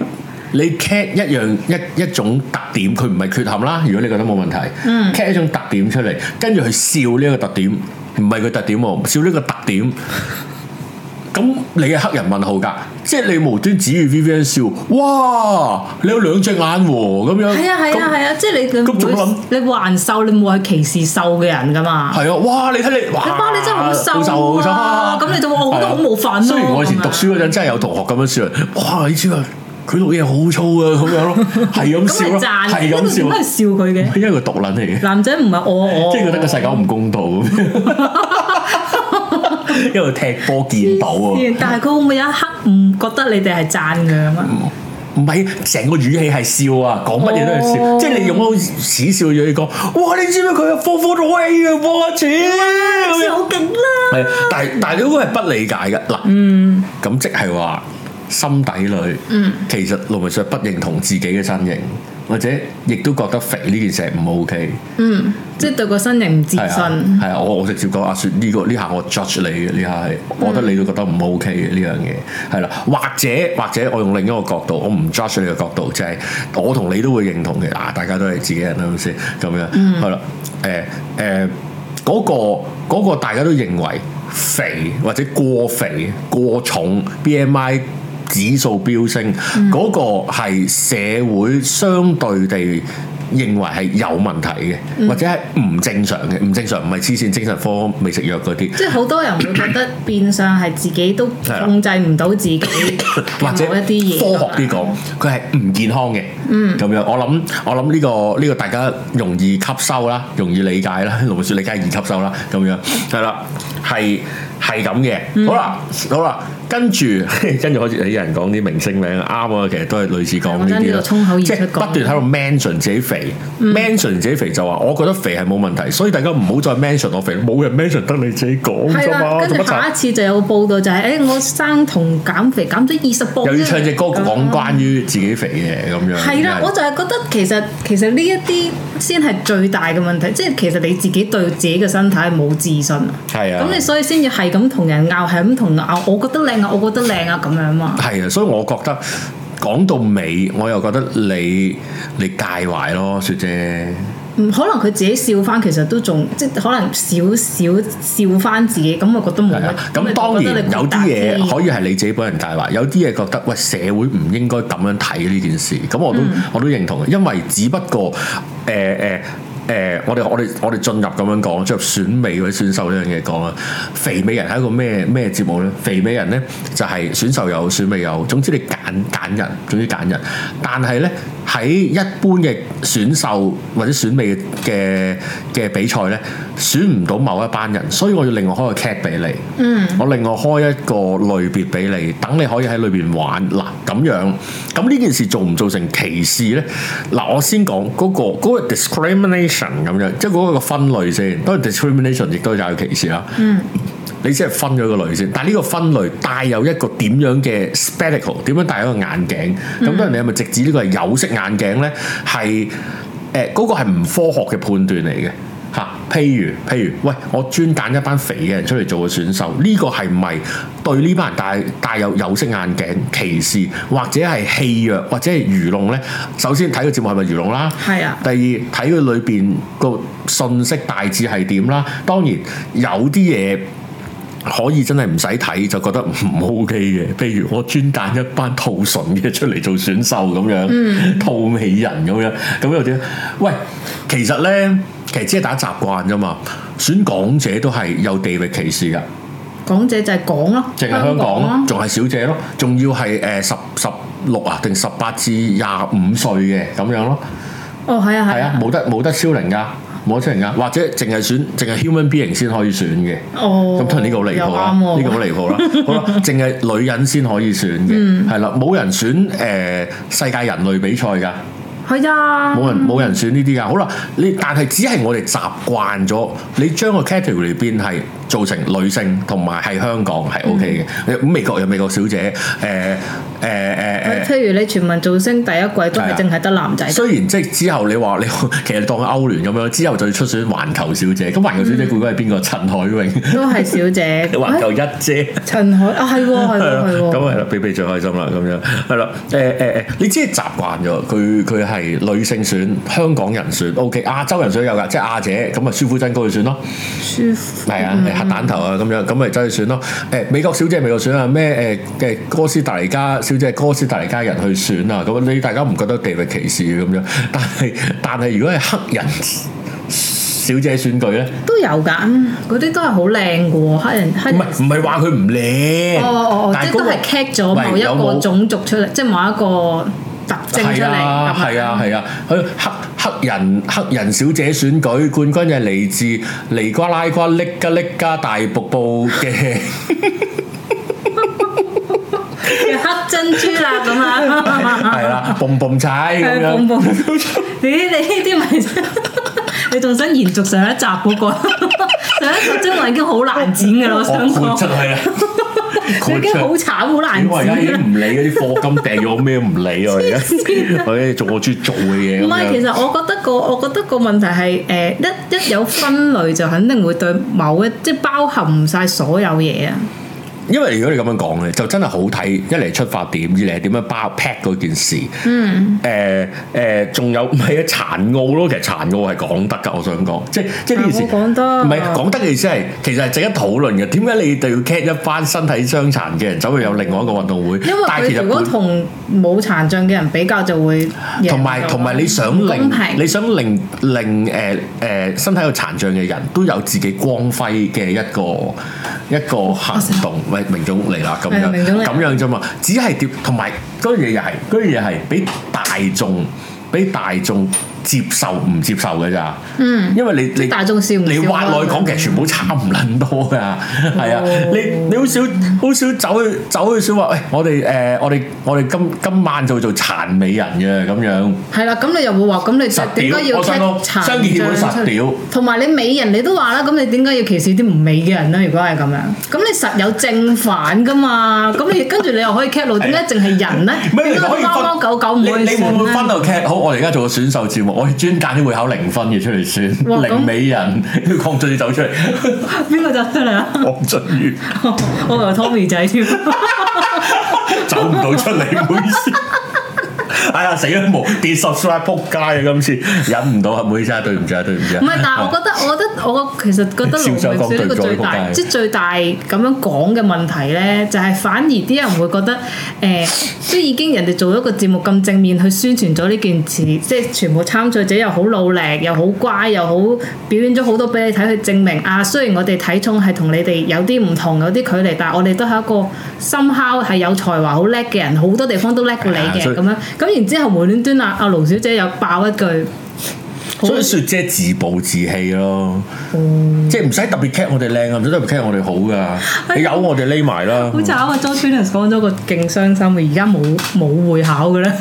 你 cat 一樣一一種特點，佢唔係缺陷啦，如果你覺得冇問題、嗯、cat 一種特點出嚟，跟住佢笑呢個特點，唔係佢特點喎，笑呢個特點。 [LAUGHS] 咁你係黑人問號㗎，即係你無端指住 V V N 笑，哇！你有兩隻眼喎，咁樣。係啊係啊係啊，即係你咁。咁你還瘦？你冇係歧視瘦嘅人㗎嘛？係啊！哇！你睇你哇！你真係好瘦啊！咁你就我覺得好冇份咯。雖然我以前讀書嗰陣真係有同學咁樣笑，哇！你知啊，佢讀嘢好粗啊，咁樣咯，係咁笑咯，係咁笑。咁係笑佢嘅，因為佢毒撚嚟嘅。男仔唔係我我。即係覺得個世界唔公道。一路踢波見到喎，但係佢會唔會有一刻唔覺得你哋係讚佢咁啊？唔係、嗯，成個語氣係笑啊，講乜嘢都係笑，oh. 即係你用嗰種屎笑去講。哇！你知唔知佢科科都威嘅波？超好勁啦！係啊，但係但係佢嗰個係不理解嘅嗱，咁即係話心底裏，mm. 其實盧覓雪不認同自己嘅身形。或者亦都覺得肥呢件事唔 OK，嗯，即係對個身形唔自信。係啊，啊，我我直接講阿雪呢個呢下、這個這個、我 judge 你嘅呢下係，這個嗯、我覺得你都覺得唔 OK 嘅呢樣嘢，係啦、啊，或者或者我用另一個角度，我唔 judge 你嘅角度就係、是、我同你都會認同嘅，嗱、啊，大家都係自己人啦，係咪先咁樣，係啦、嗯，誒誒嗰個嗰、那個大家都認為肥或者過肥過重 BMI。指數飆升，嗰、嗯、個係社會相對地認為係有問題嘅，嗯、或者係唔正常嘅，唔正常唔係黐線精神科未食藥嗰啲。即係好多人會覺得變相係自己都控制唔到自己 [COUGHS] 或者一啲嘢。科學啲講，佢係唔健康嘅。嗯，咁樣我諗我諗呢、呢個呢、呢個大家容易吸收啦，容易理解啦。覓雪理解，易吸收啦，咁樣係啦，係係咁嘅。好啦，好啦。好跟住，跟住開始有人講啲明星名啱啊！其實都係類似講呢啲，即係不斷喺度 mention 自己肥、嗯、，mention 自己肥就話：我覺得肥係冇問題，所以大家唔好再 mention 我肥，冇人 mention 得你自己講啫嘛。跟住下一次就有報道就係：誒，我生酮減肥減咗二十磅，又要唱隻歌講關於自己肥嘅咁樣。係啦，我就係覺得其實其實呢一啲先係最大嘅問題，即係其實你自己對自己嘅身體冇自信啊。係啊，咁你所以先至係咁同人拗，係咁同人拗。我覺得你。我覺得靚啊，咁樣嘛。係啊，所以我覺得講到尾，我又覺得你你介懷咯，雪姐。唔可能佢自己笑翻，其實都仲即係可能少少笑翻自己，咁我覺得冇。係啊，咁當然有啲嘢，可以係你自己本人介懷，有啲嘢覺得喂，社會唔應該咁樣睇呢件事，咁我都、嗯、我都認同，因為只不過誒誒。呃呃誒、呃，我哋我哋我哋進入咁樣講，進入選美或者選秀呢樣嘢講啊。肥美人係一個咩咩節目咧？肥美人咧就係、是、選秀有，選美有，總之你揀揀人，總之揀人。但係咧。喺一般嘅選秀或者選美嘅嘅比賽呢，選唔到某一班人，所以我要另外開個 cat 俾你。嗯，我另外開一個類別俾你，等你可以喺裏邊玩。嗱，咁樣咁呢件事做唔做成歧視呢？嗱，我先講嗰個嗰個 discrimination 咁樣，即係嗰個分類先，當然 discrimination，亦都有歧視啦。嗯。你先係分咗個類先，但係呢個分類帶有一個點樣嘅 spectacle，點樣帶一個眼鏡咁，當然你係咪直指呢個係有色眼鏡呢？係誒，嗰個係唔科學嘅判斷嚟嘅嚇。譬如，譬如，喂，我專揀一班肥嘅人出嚟做個選手，呢、呢個係咪對呢班人帶帶有有色眼鏡歧視，或者係欺弱，或者係愚弄呢？首先睇個節目係咪愚弄啦，係啊。第二睇佢裏邊個信息大致係點啦。當然有啲嘢。可以真係唔使睇就覺得唔 OK 嘅，譬如我專揀一班兔唇嘅出嚟做選秀咁樣，兔、嗯、美人咁樣，咁又點？喂，其實咧，其實只係打習慣啫嘛。選港姐都係有地域歧視噶，港姐就係港咯，淨係香港咯，仲係、啊、小姐咯，仲要係誒十十六啊，定十八至廿五歲嘅咁樣咯。哦，係啊，係啊，冇、啊啊、得冇得超齡噶。冇整噶，或者淨係選淨係 human being 先可以選嘅。哦，咁當然呢個好離譜啦，呢個好離譜啦。 [LAUGHS] 好啦，淨係女人先可以選嘅，係啦、嗯，冇人選誒、呃、世界人類比賽㗎。係啊，冇人冇人選呢啲㗎。好啦，你但係只係我哋習慣咗，你將個 category 變係做成女性同埋係香港係 O K 嘅。咁、嗯、美國有美國小姐，誒誒誒誒。譬、欸欸、如你全民造星第一季都係淨係得男仔。雖然即係之後你話你其實你當歐聯咁樣，之後就要出選環球小姐。咁環球小姐估計係邊個？嗯、陳海榮都係小姐， [LAUGHS] 環球一姐。欸、陳海啊，係喎係喎係喎。咁係啦比比最開心啦，咁樣係啦。誒誒誒，你只係習慣咗佢佢係。係女性選，香港人選 O K 亞洲人選有噶，即係亞姐咁啊，舒夫真高去選咯，係啊，你核彈頭啊咁樣，咁咪走去選咯。誒，美國小姐美國選啊，咩誒嘅哥斯達黎加小姐，哥斯達黎加人去選啊，咁你大家唔覺得地域歧視咁樣？但係但係如果係黑人小姐選舉咧，都有噶，嗰啲都係好靚噶喎，黑人黑人唔係唔係話佢唔靚，哦哦哦，那個，即都係 c a t 咗某一個種族出嚟，有有即係某一個。特係啊，係啊，係啊！佢、啊啊、黑黑人黑人小姐選舉冠軍就係嚟自尼瓜拉瓜歷噶歷加大瀑布嘅 [LAUGHS] 黑珍珠啦咁 [LAUGHS] 啊！係啦，蹦蹦踩，你你呢啲咪？你仲 [LAUGHS] 想延續上一集嗰、嗰個？ [LAUGHS] 上一集真係已經好難剪嘅啦，我想講。唓，係佢 [LAUGHS] 已經好慘，好難搞。因為而家已經唔理嗰啲貨金掟咗，咩唔理啊！而家佢仲做中意做嘅嘢。唔係，其實我覺得個，我覺得個問題係誒、呃，一一有分類就肯定會對某一，即係包含唔晒所有嘢啊。因為如果你咁樣講咧，就真係好睇。一嚟出發點，二嚟係點樣包 pack 嗰件事。嗯。誒誒、欸，仲有唔係啊殘奧咯？其實殘奧係講得㗎，我想講，即即呢件事。講得。唔係講得嘅意思係，其實係值得討論嘅。點解你哋要 cat 一班身體傷殘嘅人走去有另外一個運動會？因為但係其實如果同冇殘障嘅人比較，就會同埋同埋你想令平你想令令誒誒身體有殘障嘅人都有自己光輝嘅一個一個行動。係明總嚟啦，咁樣咁樣啫嘛，只係調，同埋嗰樣嘢又係，嗰樣嘢係俾大眾，俾大眾，接受唔接受嘅咋？嗯，因為你你你話內講其實全部差唔撚多㗎，係啊，你你好少好少走去走去想話，誒我哋誒我哋我哋今今晚就做殘美人嘅咁樣。係啦，咁你又會話咁你實點解要傾殘障？同埋你美人你都話啦，咁你點解要歧視啲唔美嘅人咧？如果係咁樣，咁你實有正反㗎嘛？咁你跟住你又可以 cat 點解淨係人咧？貓貓狗狗唔會㗎咩？你唔會分到 cat？好，我哋而家做個選秀節目。我專揀啲會考零分嘅出嚟選零美人，呢個王俊宇走出嚟，邊個走出嚟啊？王俊宇， [LAUGHS] [LAUGHS] 我，我以為 Tommy 仔添， [LAUGHS] [LAUGHS] 走唔到出嚟，唔好意思。 [LAUGHS] 哎死咗冇？點 subscribe 撲街啊！今次忍唔到啊！唔好意思對唔住啊，對唔住啊！唔係，但係我覺得， [LAUGHS] 我覺得，我其實覺得，呢個最大，即係 [LAUGHS] 最大咁樣講嘅問題咧，就係、是、反而啲人會覺得，誒、呃，即係已經人哋做咗個節目咁正面去宣傳咗呢件事，即、就、係、是、全部參賽者又好努力，又好乖，又好表演咗好多俾你睇，去證明啊。雖然我哋體重係同你哋有啲唔同，有啲距離，但係我哋都係一個深烤係有才華、好叻嘅人，好多地方都叻過你嘅咁、啊、樣。咁然。之後，無端端啊，阿盧小姐又爆一句。所以雪姐即係自暴自棄咯，即係唔使特別 care 我哋靚啊，唔使特別 care 我哋好噶，你由我哋匿埋啦。好 j 巧啊，n 先生講咗個勁傷心嘅，而家冇冇會考嘅咧。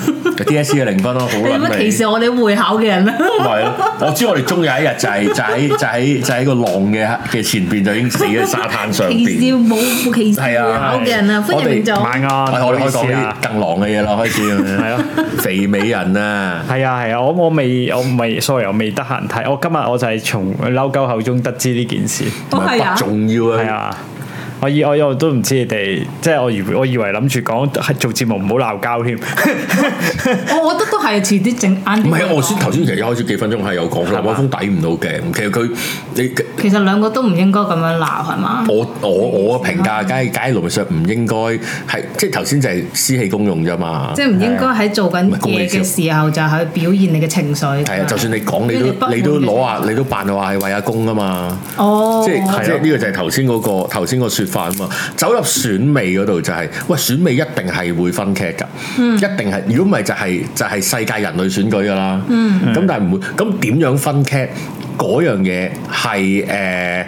D S C 嘅零分咯，好淰味。歧視我哋會考嘅人啦。唔係，我知我哋終有一日就係就喺就喺就喺個浪嘅嘅前邊就已經死喺沙灘上邊。歧視冇冇歧視會考嘅人啊，歡迎唔錯。買啱，我哋開講啲更浪嘅嘢啦，開始。係咯，肥美人啊。係啊係啊，我我未我唔未，sorry。又未得閒睇，我今日我就係從林狗口中得知呢件事，唔係不重要啊。係呀。我以我以我都唔知你哋，即係我如我以為諗住講係做節目唔好鬧交添。我覺得都係遲啲整啱。唔係我頭先其實開始幾分鐘係有講但係嗰封抵唔到嘅。其實佢你其實兩個都唔應該咁樣鬧，係嘛？我我我嘅評價梗係梗係盧覓雪唔應該，係即係頭先就係私氣公用啫嘛。即係唔應該喺做緊嘢嘅時候就去表現你嘅情緒。係啊，就算你講你都你都攞啊，你都扮到話係為阿公啊嘛。哦，即係係啊，呢個就係頭先嗰個頭先個説。啊嘛，走入選美嗰度就係、是：「喂選美一定係會分劇 a t 噶，嗯、一定係。」如果唔係，就係就係世界人類選舉噶啦，咁、嗯、但係唔會。咁點樣分劇？a 嗰樣嘢係。誒、呃？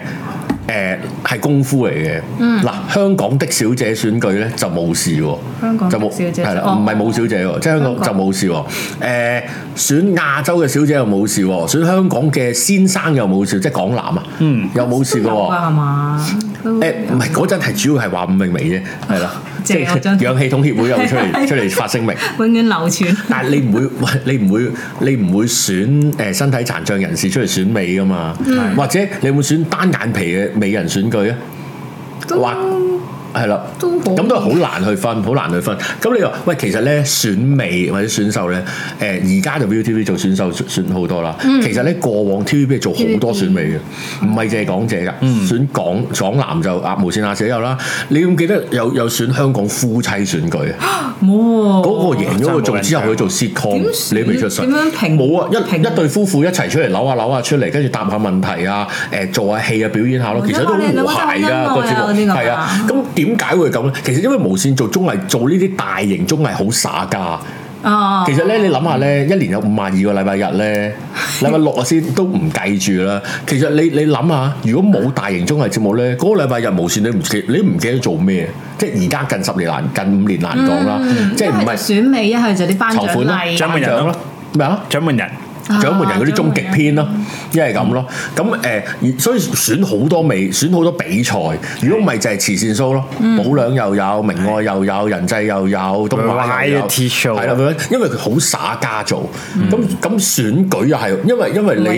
誒係功夫嚟嘅，嗱、嗯、香港的小姐選舉咧就冇事喎，香港，就是、香港就冇小姐係啦，唔係冇小姐喎，即係香港就冇事喎。誒、欸、選亞洲嘅小姐又冇事喎，選香港嘅先生又冇事，即、就、係、是、港男、嗯、啊，嗯，又冇事嘅喎，係嘛？誒唔係嗰陣係主要係話吳明明啫，係啦。 [LAUGHS] 即係氧氣筒協會又會出嚟出嚟發聲明， [LAUGHS] 永遠流傳。但係你唔會，你唔會，你唔會選誒身體殘障人士出嚟選美㗎嘛？ [LAUGHS] 或者你會選單眼皮嘅美人選舉啊？ [LAUGHS] 或者 [LAUGHS] 係啦，咁都係好難去分，好難去分。咁你話，喂，其實咧選美或者選秀咧，誒而家就 ViuTV 做選秀選好多啦。其實咧過往 TVB 做好多選美嘅，唔係淨係港姐㗎。選港港男就無線、亞視有啦。你記唔記得有又選香港夫妻選舉啊？冇喎。嗰個贏咗個仲之後去做 sitcom，你未出世？冇啊，一一對夫婦一齊出嚟扭下扭下出嚟，跟住答下問題啊，誒做下戲啊，表演下咯，其實都好和諧㗎個節目，係啊咁。點解會咁咧？其實因為無線做綜藝，做呢啲大型綜藝好耍㗎。哦，其實咧，你諗下咧，嗯、一年有五萬二個禮拜日咧，禮拜六啊先都唔計住啦。其實你你諗下，如果冇大型綜藝節目咧，嗰、嗰個禮拜日無線你唔記，你都唔記得做咩？即係而家近十年難，近五年難講啦。嗯、即係唔係選美，一係就啲頒獎禮、獎咯款，咩啊？獎門人。麼獎門人嗰啲終極篇咯，一係咁咯，咁誒，所以選好多美，選好多比賽。如果唔係就係慈善 show 咯，保良又有，明愛又有，人際又有，東華又有，係啦，因為佢好耍家做。咁咁選舉又係，因為因為你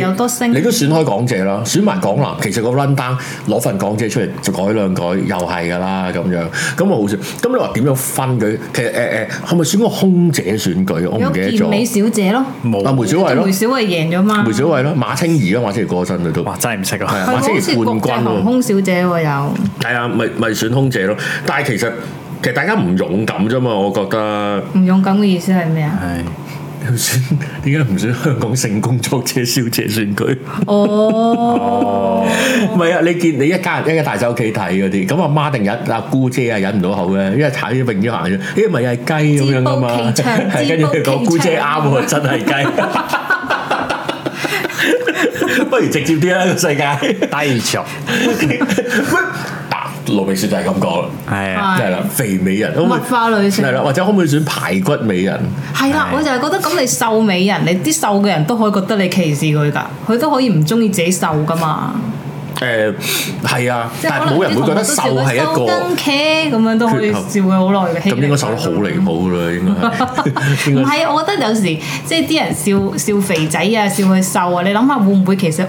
你都選開港姐啦，選埋港男，其實個 run down 攞份港姐出嚟就改兩改又係㗎啦咁樣，咁好笑。咁你話點樣分佢？其實誒誒，係咪選個空姐選舉？我唔記得咗。美小姐咯，阿梅小慧咯。小慧贏咗嘛？梅小慧咯，馬清儀咯，馬清儀過身佢都哇，真係唔識啊！馬清儀冠軍咯，空小姐喎又。係啊，咪咪選空姐咯，但係其實其實大家唔勇敢啫嘛，我覺得。唔勇敢嘅意思係咩啊？係唔選點解唔選香港性作者小姐選佢？哦，唔係啊！你見你一家人一家大酒屋企睇嗰啲，咁阿媽定日啊姑姐啊忍唔到口嘅，因為踩咗泳衣行咗，呢啲咪又係雞咁樣啊嘛！係跟住佢講姑姐啱喎，真係雞。不如直接啲啦，這個、世界低俗。唔、 [LAUGHS] [LAUGHS] 啊，盧覓雪就係咁講啦，係啊，真係啦，肥美人，唔係物化女性，係啦、啊，或者可唔可以選排骨美人？係啦、啊，啊、我就係覺得咁你瘦美人，你啲瘦嘅人都可以覺得你歧視佢噶，佢都可以唔中意自己瘦噶嘛。誒係、uh, 啊，但係冇人會覺得瘦係一個，OK，咁樣都可以笑佢、嗯、好耐嘅。咁 [LAUGHS] 應該瘦得好離譜㗎啦，應該。唔係啊， [LAUGHS] 我覺得有時即係啲人笑笑肥仔啊，笑佢瘦啊，你諗下會唔會其實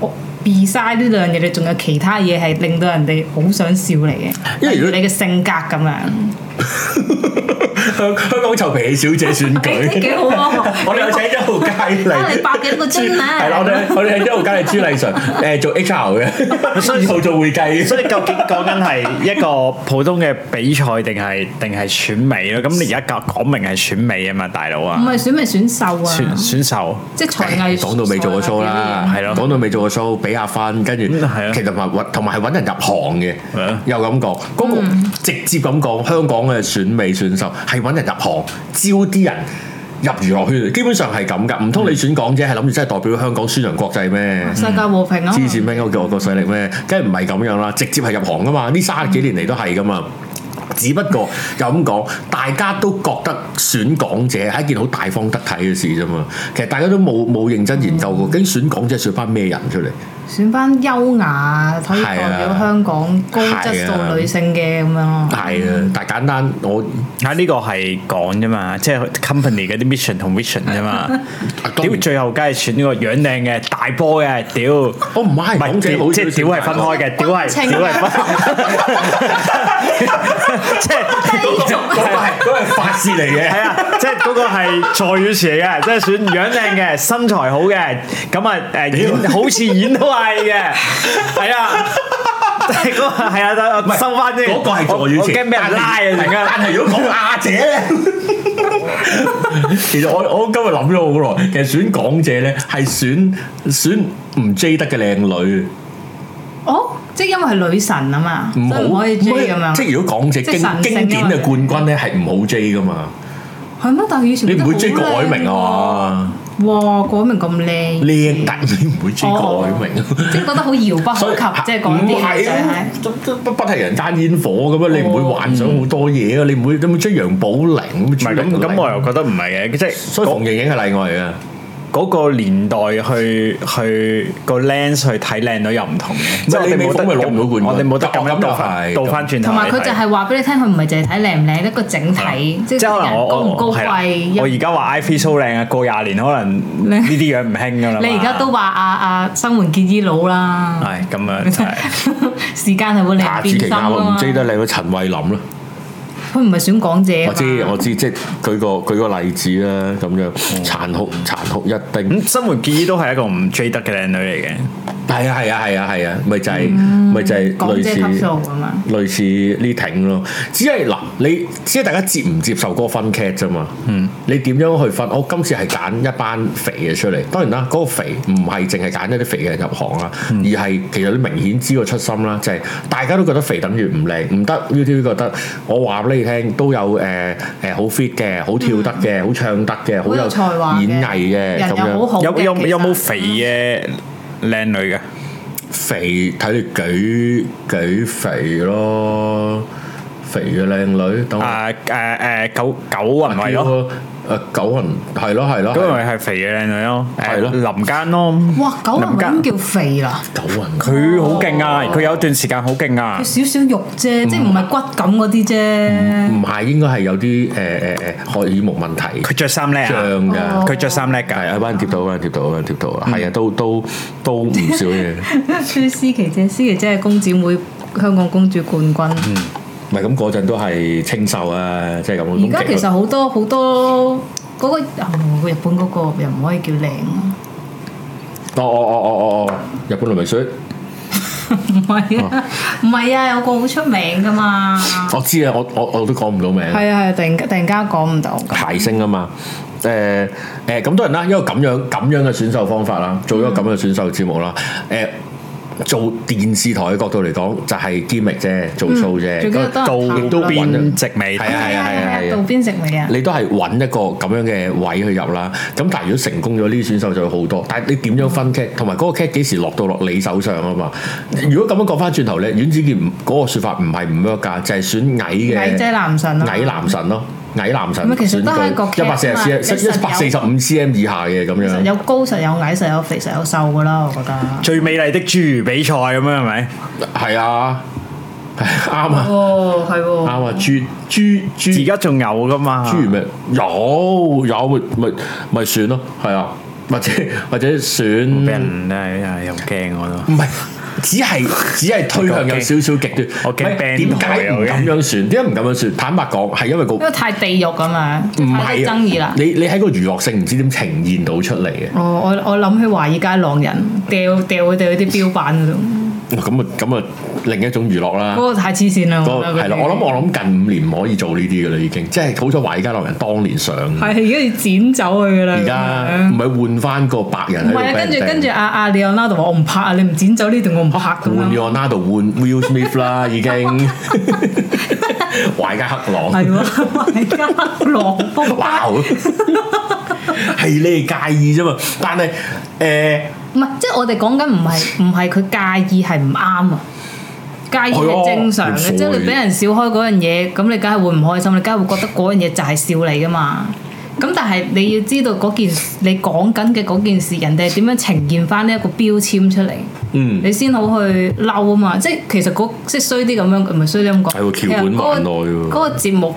我 bside 呢兩樣，你仲有其他嘢係令到人哋好想笑你嘅？因為如果如你嘅性格咁樣。嗯。香港臭皮小姐選舉幾好啊！我哋有請一號佳麗，你百幾個鐘咧？係我哋我哋一號佳麗朱麗純，誒做 HR 嘅，蘇二號做會計。所以究竟講緊係一個普通嘅比賽，定係定係選美咧？咁你而家講明係選美啊嘛，大佬啊！唔係選美選秀啊？選秀即係才藝。講到未做 s 錯啦，係啦，講到未做 show，比下分，跟住其實同埋同係搵人入行嘅，又咁講，個直接咁講，香港係選美選秀，係揾人入行，招啲人入娛樂圈，基本上係咁噶。唔通你選港姐係諗住真係代表香港宣揚國際咩？嗯、世界和平啊！黐線咩？我叫我國勢力咩？梗係唔係咁樣啦，直接係入行噶嘛。呢三十幾年嚟都係噶嘛。只不過又咁講，大家都覺得選港姐係一件好大方得體嘅事啫嘛。其實大家都冇冇認真研究過，究竟選港姐選翻咩人出嚟？選翻優雅可以代表香港高質素女性嘅咁樣咯。係啊的，但係是簡單，我睇呢、啊呢個係講啫嘛，即、就、係、是、company 嗰啲 mission 同 vision 啫嘛。屌的、啊、最後梗係選呢個樣靚嘅大波嘅。屌我唔 my，好少。唔係，即係屌係分開嘅，屌係屌係即係嗰個係嗰、那個、那個、法師嚟嘅，係啊！ [LAUGHS] 即係嗰個係坐月前嘅，即係選樣靚嘅，身材好嘅，咁啊誒，演麼好似演都係嘅，係啊！即係嗰個係啊，收翻先。嗰個係坐月前，驚俾人拉啊？突啊。但係如果講阿姐咧，其實我我今日諗咗好耐，其實選港姐咧係選選唔追得嘅靚女。即係因為係女神啊嘛，唔好可以追咁樣。即係如果講只經經典嘅冠軍咧，係唔好追㗎嘛。係咩？但係以前你唔會追郭藹明啊嘛。哇，郭藹明咁靚，靚但你唔會追郭藹明，即係覺得好遙不可及，即係講啲嘢。係，不不係人間煙火咁啊！你唔會幻想好多嘢啊！你唔會點會追楊寶玲？唔係咁咁，我又覺得唔係嘅，即係所以馮盈盈係例外啊。嗰個年代去去個靚 s 去睇靚女又唔同嘅，我哋冇得我哋冇得咁多，倒翻轉頭。同埋佢就係話俾你聽，佢唔係淨係睇靚唔靚，一個整體，即係高唔高貴。我而家話 IP 超靚啊，過廿年可能呢啲樣唔興噶啦。你而家都話阿阿生還結衣佬啦，係咁啊，時間係會令人心。除此之唔知得靚到陳慧琳啦。佢唔係選港姐我知我知，即係舉個舉個例子啦，咁樣殘酷殘酷一定。生活、嗯、建議都係一個唔追得嘅靚女嚟嘅。係啊係啊係啊係啊，咪、啊啊啊啊啊、就係、是、咪就係港姐級類似呢挺咯，只係嗱你，只係大家接唔接受嗰分 cat 啫嘛。嗯，你點樣去分？我今次係揀一班肥嘅出嚟。當然啦，嗰、那個肥唔係淨係揀一啲肥嘅入行啦，而係其實你明顯知個出心啦，就係、是、大家都覺得肥等於唔靚唔得。ViuTV 覺得我話你。都有誒誒、呃呃、好 fit 嘅，好跳得嘅，好唱得嘅，嗯、好有才華嘅。演藝嘅咁樣，有實有有冇肥嘅靚女嘅？嗯、肥睇你幾幾肥咯～肥嘅靚女，等我誒誒九九雲咪咯，誒九雲係咯係咯，咁咪係肥嘅靚女咯，係咯、啊、林間咯，哇九雲點叫肥啦？九雲佢好勁啊！佢有一段時間好勁啊，少少肉啫，嗯、即係唔係骨感嗰啲啫？唔係、嗯嗯、應該係有啲誒誒誒荷爾蒙問題。佢着衫叻啊！佢着衫叻㗎，係、哦、啊！有人貼到，有人貼到，有人貼到，係啊！都都都唔少嘢。舒思琪姐，思琪姐係公主妹，香港公主冠軍。唔係咁嗰陣都係清秀啊，即係咁咯。而家其實好多好多嗰個，日本嗰個又唔可以叫靚。哦哦哦哦哦哦，日本盧覓雪。唔係啊，唔係啊，有個好出名噶嘛。我知啊，我我我都講唔到名。係啊係啊，突然突然間講唔到。諧星啊嘛，誒誒咁多人啦、啊，因為咁樣咁樣嘅選秀方法啦，做咗咁嘅選秀節目啦，誒、嗯。嗯做電視台嘅角度嚟講，就係 gimmick 啫，做數啫，到變直尾，係係係，到變直尾啊！你都係揾一個咁樣嘅位去入啦。咁但係如果成功咗，呢啲選手就會好多。但係你點樣分 cat，同埋嗰個 cat 幾時落到落你手上啊嘛？嗯、如果咁樣講翻轉頭咧，阮子健嗰個説法唔係唔 work 㗎，就係選矮嘅矮仔男神啊，矮男神咯。矮男神其實都係一百四十四一百四十五 cm 以下嘅咁樣，實有高，實有矮，實有肥，實有瘦噶啦，我覺得。最美麗的侏儒比賽咁樣係咪？係啊，係啱啊。啊哦，啱啊，侏侏儒，而家仲有噶嘛？侏儒咪有有咪咪咪咯，係啊，或者或者選。人係又驚我都。唔係。只係只係推向有少少極端，唔係點解唔咁樣算？點解唔咁樣算？坦白講，係因為、個因為太地獄咁樣，唔係爭議啦。你你喺個娛樂性唔知點呈現到出嚟嘅？哦，我我諗起華爾街狼人掉掉佢哋嗰啲標板嗰種。咁啊咁啊～另一種娛樂啦，嗰個太黐線啦，係啦，我諗、嗯、我諗近五年唔可以做呢啲嘅啦，已經，即係好彩懷家樂人當年上，而家要剪走佢啦，而家唔係換翻個白人喺係啊，跟住著跟住阿阿 Leonardo 話我唔拍啊，啊啊你唔剪走呢段我唔拍嘅，換 Leonardo 換 Will Smith 啦，已經懷家 [LAUGHS] [LAUGHS] 黑狼係喎，懷家黑狼哇，係 [LAUGHS] 你介意啫嘛？但係誒，唔、欸、係，即係我哋講緊唔係唔係佢介意係唔啱啊！介意係正常嘅，嗯、即係你俾人笑開嗰樣嘢，咁、嗯、你梗係會唔開心，你梗係會覺得嗰樣嘢就係笑你噶嘛。咁但係你要知道嗰件事，你講緊嘅嗰件事，人哋係點樣呈現翻呢一個標籤出嚟，嗯、你先好去嬲啊嘛。即係其實嗰、那個、即係衰啲咁樣，唔係衰啲咁講。喺個橋本嗰、那個那個節目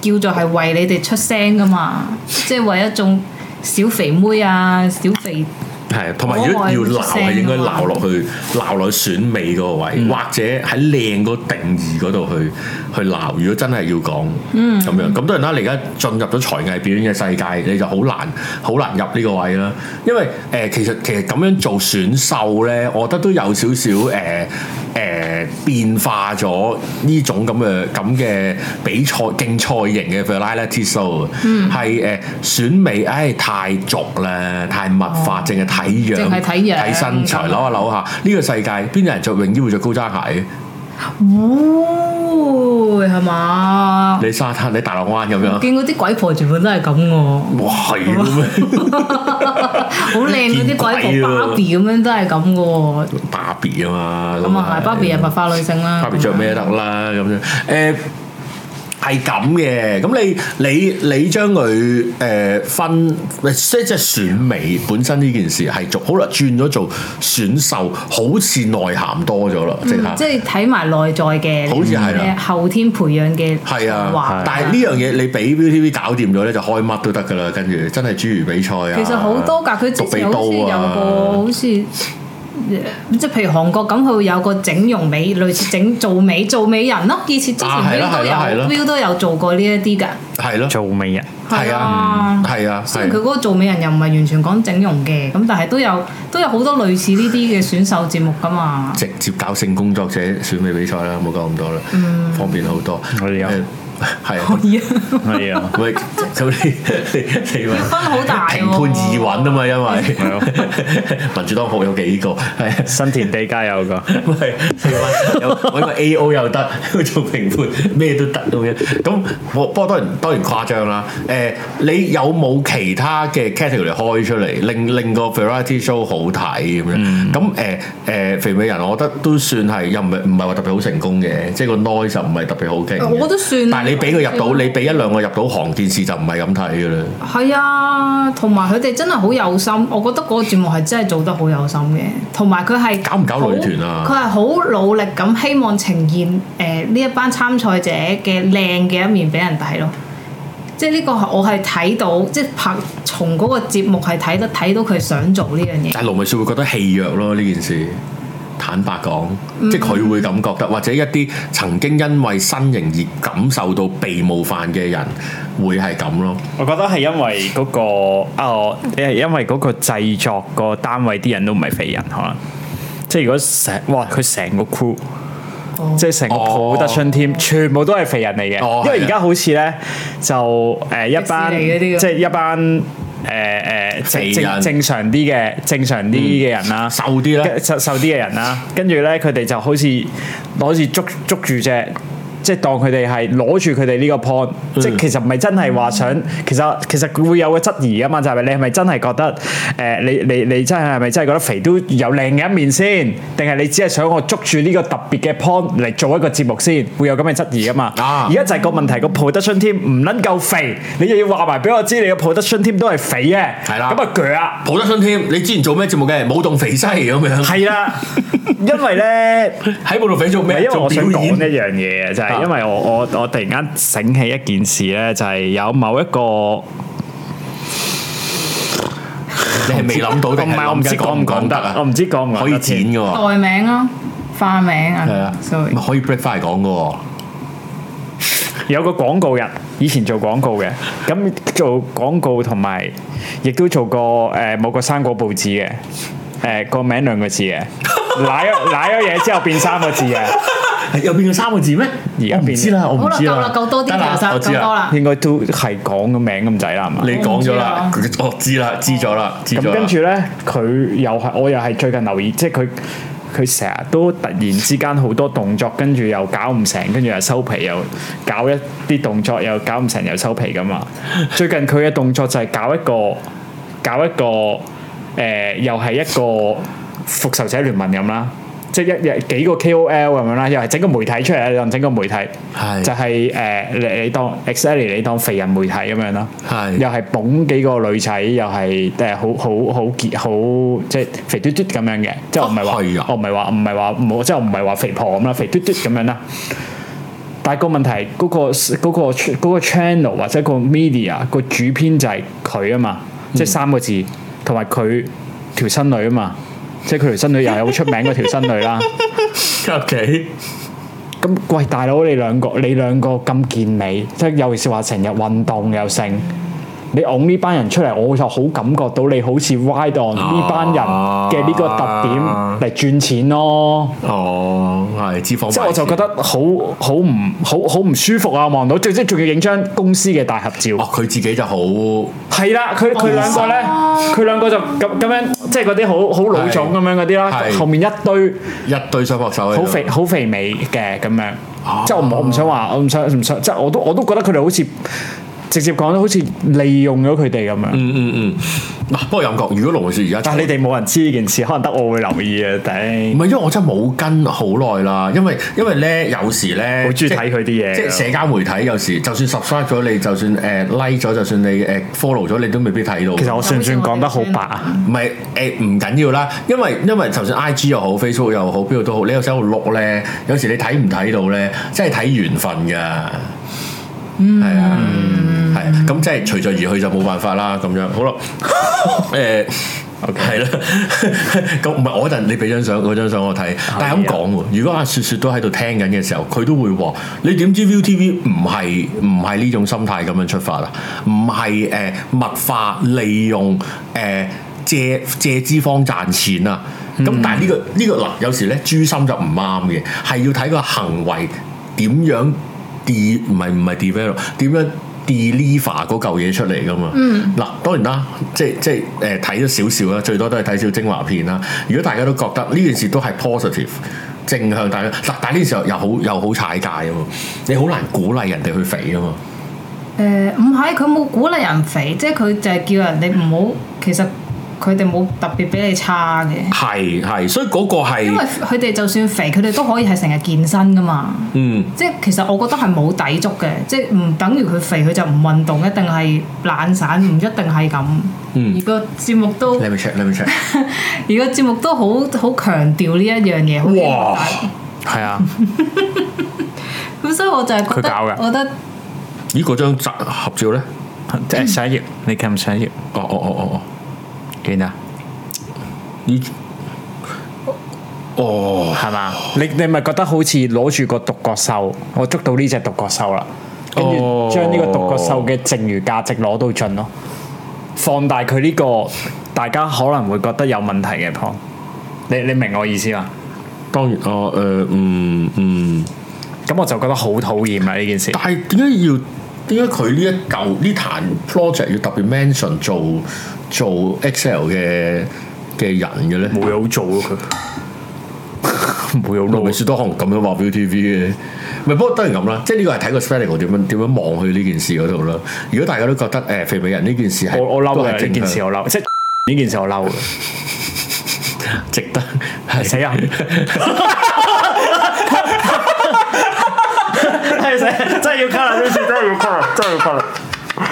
叫做係為你哋出聲噶嘛，即係為一種小肥妹啊，小肥。係，同埋如果要鬧，係罵應該鬧落去鬧落、啊、去選美嗰個位，嗯、或者喺靚個定義嗰度去。去鬧，如果真係要講咁、嗯、樣咁多人啦，你而家進入咗才藝表演嘅世界，你就好難好難入呢個位啦。因為誒、呃，其實其實咁樣做選秀咧，我覺得都有少少誒誒、呃呃、變化咗呢種咁嘅咁嘅比賽競賽型嘅 variety show，係誒選美，唉太俗啦，太物化，淨係睇樣，睇樣睇身材、嗯、扭下扭下。呢個世界邊有人着泳衣會着高踭鞋？嗚，係嘛？你沙灘，你大浪灣咁樣。見嗰啲鬼婆全部都係咁嘅。哇，係嘅咩？好靚嗰啲鬼婆芭比咁樣都係咁嘅。芭比啊嘛，咁啊，芭比係白髮女性啦。芭比着咩得啦咁樣？誒。係咁嘅，咁你你你將佢誒、呃、分，即即選美本身呢件事係做，好啦，轉咗做選秀，好似內涵多咗啦。嗯，即係睇埋內在嘅，好似係啦，後天培養嘅。係啊，啊但係呢樣嘢你俾 ViuTV 搞掂咗咧，就開乜都得噶啦。跟住真係諸如比賽啊，其實好多㗎，佢之到啊，有個好似。.即係譬如韓國咁，佢會有個整容美，類似整做，做美做美人咯。以前之前啲都有 Viu [MUSIC] 都有做過呢一啲㗎。係咯，做美人係啊，係啊。雖然佢嗰個做美人又唔係完全講整容嘅，咁但係都有都有好多類似呢啲嘅選秀節目㗎嘛。 [LAUGHS] 直接搞性工作者選美比賽啦，冇講咁多啦，方便好多。我哋有。係啊，係啊，喂，咁你啲啲，要分好大，評判易揾啊嘛，因為民主黨有幾個，係新田地街有個，喂，因為 A O 又得做評判，咩都得到嘅。咁不過當然當然誇張啦。誒，你有冇其他嘅 category 開出嚟，令令個 variety show 好睇咁樣？咁誒誒，肥美人，我覺得都算係又唔係唔係話特別好成功嘅，即係個 noise 唔係特別好勁，我覺得算。你俾佢入到，吧你俾一兩個入到行，件事就唔係咁睇嘅啦。係啊，同埋佢哋真係好有心，我覺得嗰個節目係真係做得好有心嘅。同埋佢係搞唔搞女團啊？佢係好努力咁希望呈現誒呢、呃、一班參賽者嘅靚嘅一面俾人睇、就是、到。即係呢個我係睇到，即係拍從嗰個節目係睇得睇到佢想做呢樣嘢。但係盧覓雪會覺得戲弱咯呢件事。坦白講，嗯、即係佢會咁覺得，或者一啲曾經因為身形而感受到被冒犯嘅人，會係咁咯。我覺得係因為嗰、嗰個啊， [LAUGHS] 哦、因為嗰個製作個單位啲人都唔係肥人可能，即係如果成哇佢成個 group 即係成個 production，添全部都係肥人嚟嘅，哦、因為而家好似咧就誒、呃、一班，即係一班。誒誒、呃，正，肥人，正正常啲嘅，正常啲嘅人啦、嗯，瘦啲啦，瘦瘦啲嘅人啦，跟住咧，佢哋就好似攞住捉捉住隻。即係當佢哋係攞住佢哋呢個 point，即係其實唔係真係話想，其實其實會有個質疑㗎嘛，就係咪你係咪真係覺得誒你你你真係係咪真係覺得肥都有靚嘅一面先？定係你只係想我捉住呢個特別嘅 point 嚟做一個節目先？會有咁嘅質疑㗎嘛？啊！而家就係個問題，個普德春添唔撚夠肥，你又要話埋俾我知你個普德春添都係肥嘅。係啦。咁啊鋸啊！普德春添，你之前做咩節目嘅？舞動肥西咁樣。係啦，因為咧喺舞動肥做咩？做表演呢樣嘢啊，真係。因為我我我突然間醒起一件事咧，就係有某一個，你係未諗到定係唔知講唔講得啊？我唔知講唔可以剪嘅代名啊、化名啊，係啊，Sorry 咪可以 break 翻嚟講嘅喎。有個廣告人以前做廣告嘅，咁做廣告同埋亦都做過誒某個生果報紙嘅，誒個名兩個字嘅。舐咗嘢之後變三個字嘅，又變咗三個字咩？而家唔知啦，我唔知啦。好啦，講多啲啦，生更多啦。應該都係講個名咁仔啦，係嘛？你講咗啦，哦、嗯，知啦，知咗啦，知咗啦。咁跟住咧，佢又係，我又係最近留意，即係佢，佢成日都突然之間好多動作，跟住又搞唔成，跟住又收皮，又搞一啲動作，又搞唔成，又收皮㗎嘛。最近佢嘅動作就係搞一個，搞一個，誒、嗯，又係一個。復仇者聯盟咁啦，即係一日幾個 K O L 咁樣啦，又係整個媒體出嚟你當整個媒體，就係誒你當 exactly 你當肥人媒體咁樣啦，是又係捧幾個女仔，又係誒好好好好即係肥嘟嘟咁樣嘅，即係我唔係話，我唔係話唔係話冇，即係唔係話肥婆咁啦，肥嘟嘟咁樣啦。但係個問題，嗰、那個嗰、那個那個、channel 或者個 media 個主編就係佢啊嘛，即係三個字，同埋佢條新女啊、那個、嘛。即係佢條新女又有好出名嗰條新女啦。OK，咁喂，大佬你兩個，你兩個咁健美，即係尤其是話成日運動又性。你㧬呢班人出嚟，我就好感覺到你好似 ride on 呢班人嘅呢個特點嚟賺錢咯。哦、oh. oh.，係脂肪。即係我就覺得好好唔好好唔舒服啊！望到最即，仲要影張公司嘅大合照。佢、oh, 自己就好。係啦、嗯，佢佢兩個咧，佢、嗯、兩個就咁咁樣。即係嗰啲好好老種咁樣嗰啲啦，後面一堆一堆雙手肥，好肥好肥美嘅咁樣。樣啊、即係我唔想話，我唔想唔想，即係我都我都覺得佢哋好似。直接講得好似利用咗佢哋咁樣。嗯嗯嗯。嗱、嗯嗯，不過又唔覺，如果盧覓雪而家，但係你哋冇人知呢件事，可能得我會留意啊！頂。唔係，因為我真係冇跟好耐啦。因為因為咧，有時咧，好中意睇佢啲嘢。即係社交媒體，這樣 有時就算 subscribe 咗你，就算誒、uh, like 咗，就算你誒、uh, follow 咗，你都未必睇到。其實我算唔算講得好白啊？唔、欸、係誒，唔緊要啦。因為因為，就算 IG 又好，Facebook 又好，邊度都好，你有時喺度碌咧，有時你睇唔睇到咧，即係睇緣分㗎。嗯。啊。係咁，mm hmm. 嗯、即係隨著而去就冇辦法啦。咁樣好咯。誒，係啦。咁唔係我一陣，你俾張相嗰張相我睇。啊、但係咁講喎，如果阿雪雪都喺度聽緊嘅時候，佢都會話：你點知 ViuTV 唔係唔係呢種心態咁樣出發啊？唔係誒物化利用誒、呃、借借，借資方賺錢啊？咁、mm hmm. 但係、呢個、呢個呢、呢個嗱、呃，有時咧，初心就唔啱嘅，係要睇個行為點樣 develop 唔係唔係 develop 點樣。deliver 嗰嚿嘢出嚟噶嘛？嗱、嗯，當然啦，即即誒睇咗少少啦，最多都係睇少精華片啦。如果大家都覺得呢件事都係 positive 正向，大家嗱，但係呢時候又好又好踩界啊嘛，你好難鼓勵人哋去肥啊嘛。誒唔係，佢冇鼓勵人肥，即係佢就係叫人哋唔好其實。佢哋冇特別比你差嘅，係，係，所以嗰個係因為佢哋就算肥，佢哋都可以係成日健身噶嘛。嗯即，即係其實我覺得係冇底足嘅，即係唔等於佢肥佢就唔運動，一定係懶散，唔一定係咁。嗯，而個節目都 Let me check，Let me check。 [LAUGHS] 而個節目都好好強調呢一樣嘢。哇，係啊。咁 [LAUGHS] [LAUGHS] 所以我就佢搞嘅。我覺得咦，個張合照咧，即係上一頁，你睇唔睇一頁？哦哦哦哦哦。見啦，呢哦，係嘛？你你咪覺得好似攞住個獨角獸，我捉到呢隻獨角獸啦，跟住將呢個獨角獸嘅剩餘價值攞到盡咯，放大佢呢、個大家可能會覺得有問題嘅 point，你你明我意思嘛？當然，我誒嗯嗯，咁、嗯、我就覺得好討厭啊！呢件事，但係點解要點解佢呢一嚿呢壇 project 要特別 mention 做？做 Excel 嘅嘅人嘅咧，冇嘢好做佢冇有， [LAUGHS] 啊、羅美士都可能咁樣話 ViuTV 嘅，唔、啊、係不，不過當然咁啦，即係呢個係睇個 spiritual 點樣點樣望去呢件事嗰度啦。如果大家都覺得誒、欸、肥美人呢件、這個、事係，我我嬲嘅，呢件事我嬲，即係呢件事我嬲值得死人、啊， [LAUGHS] [LAUGHS] 真係真係要 cut 啦！真係真係要 cut 真係要 cut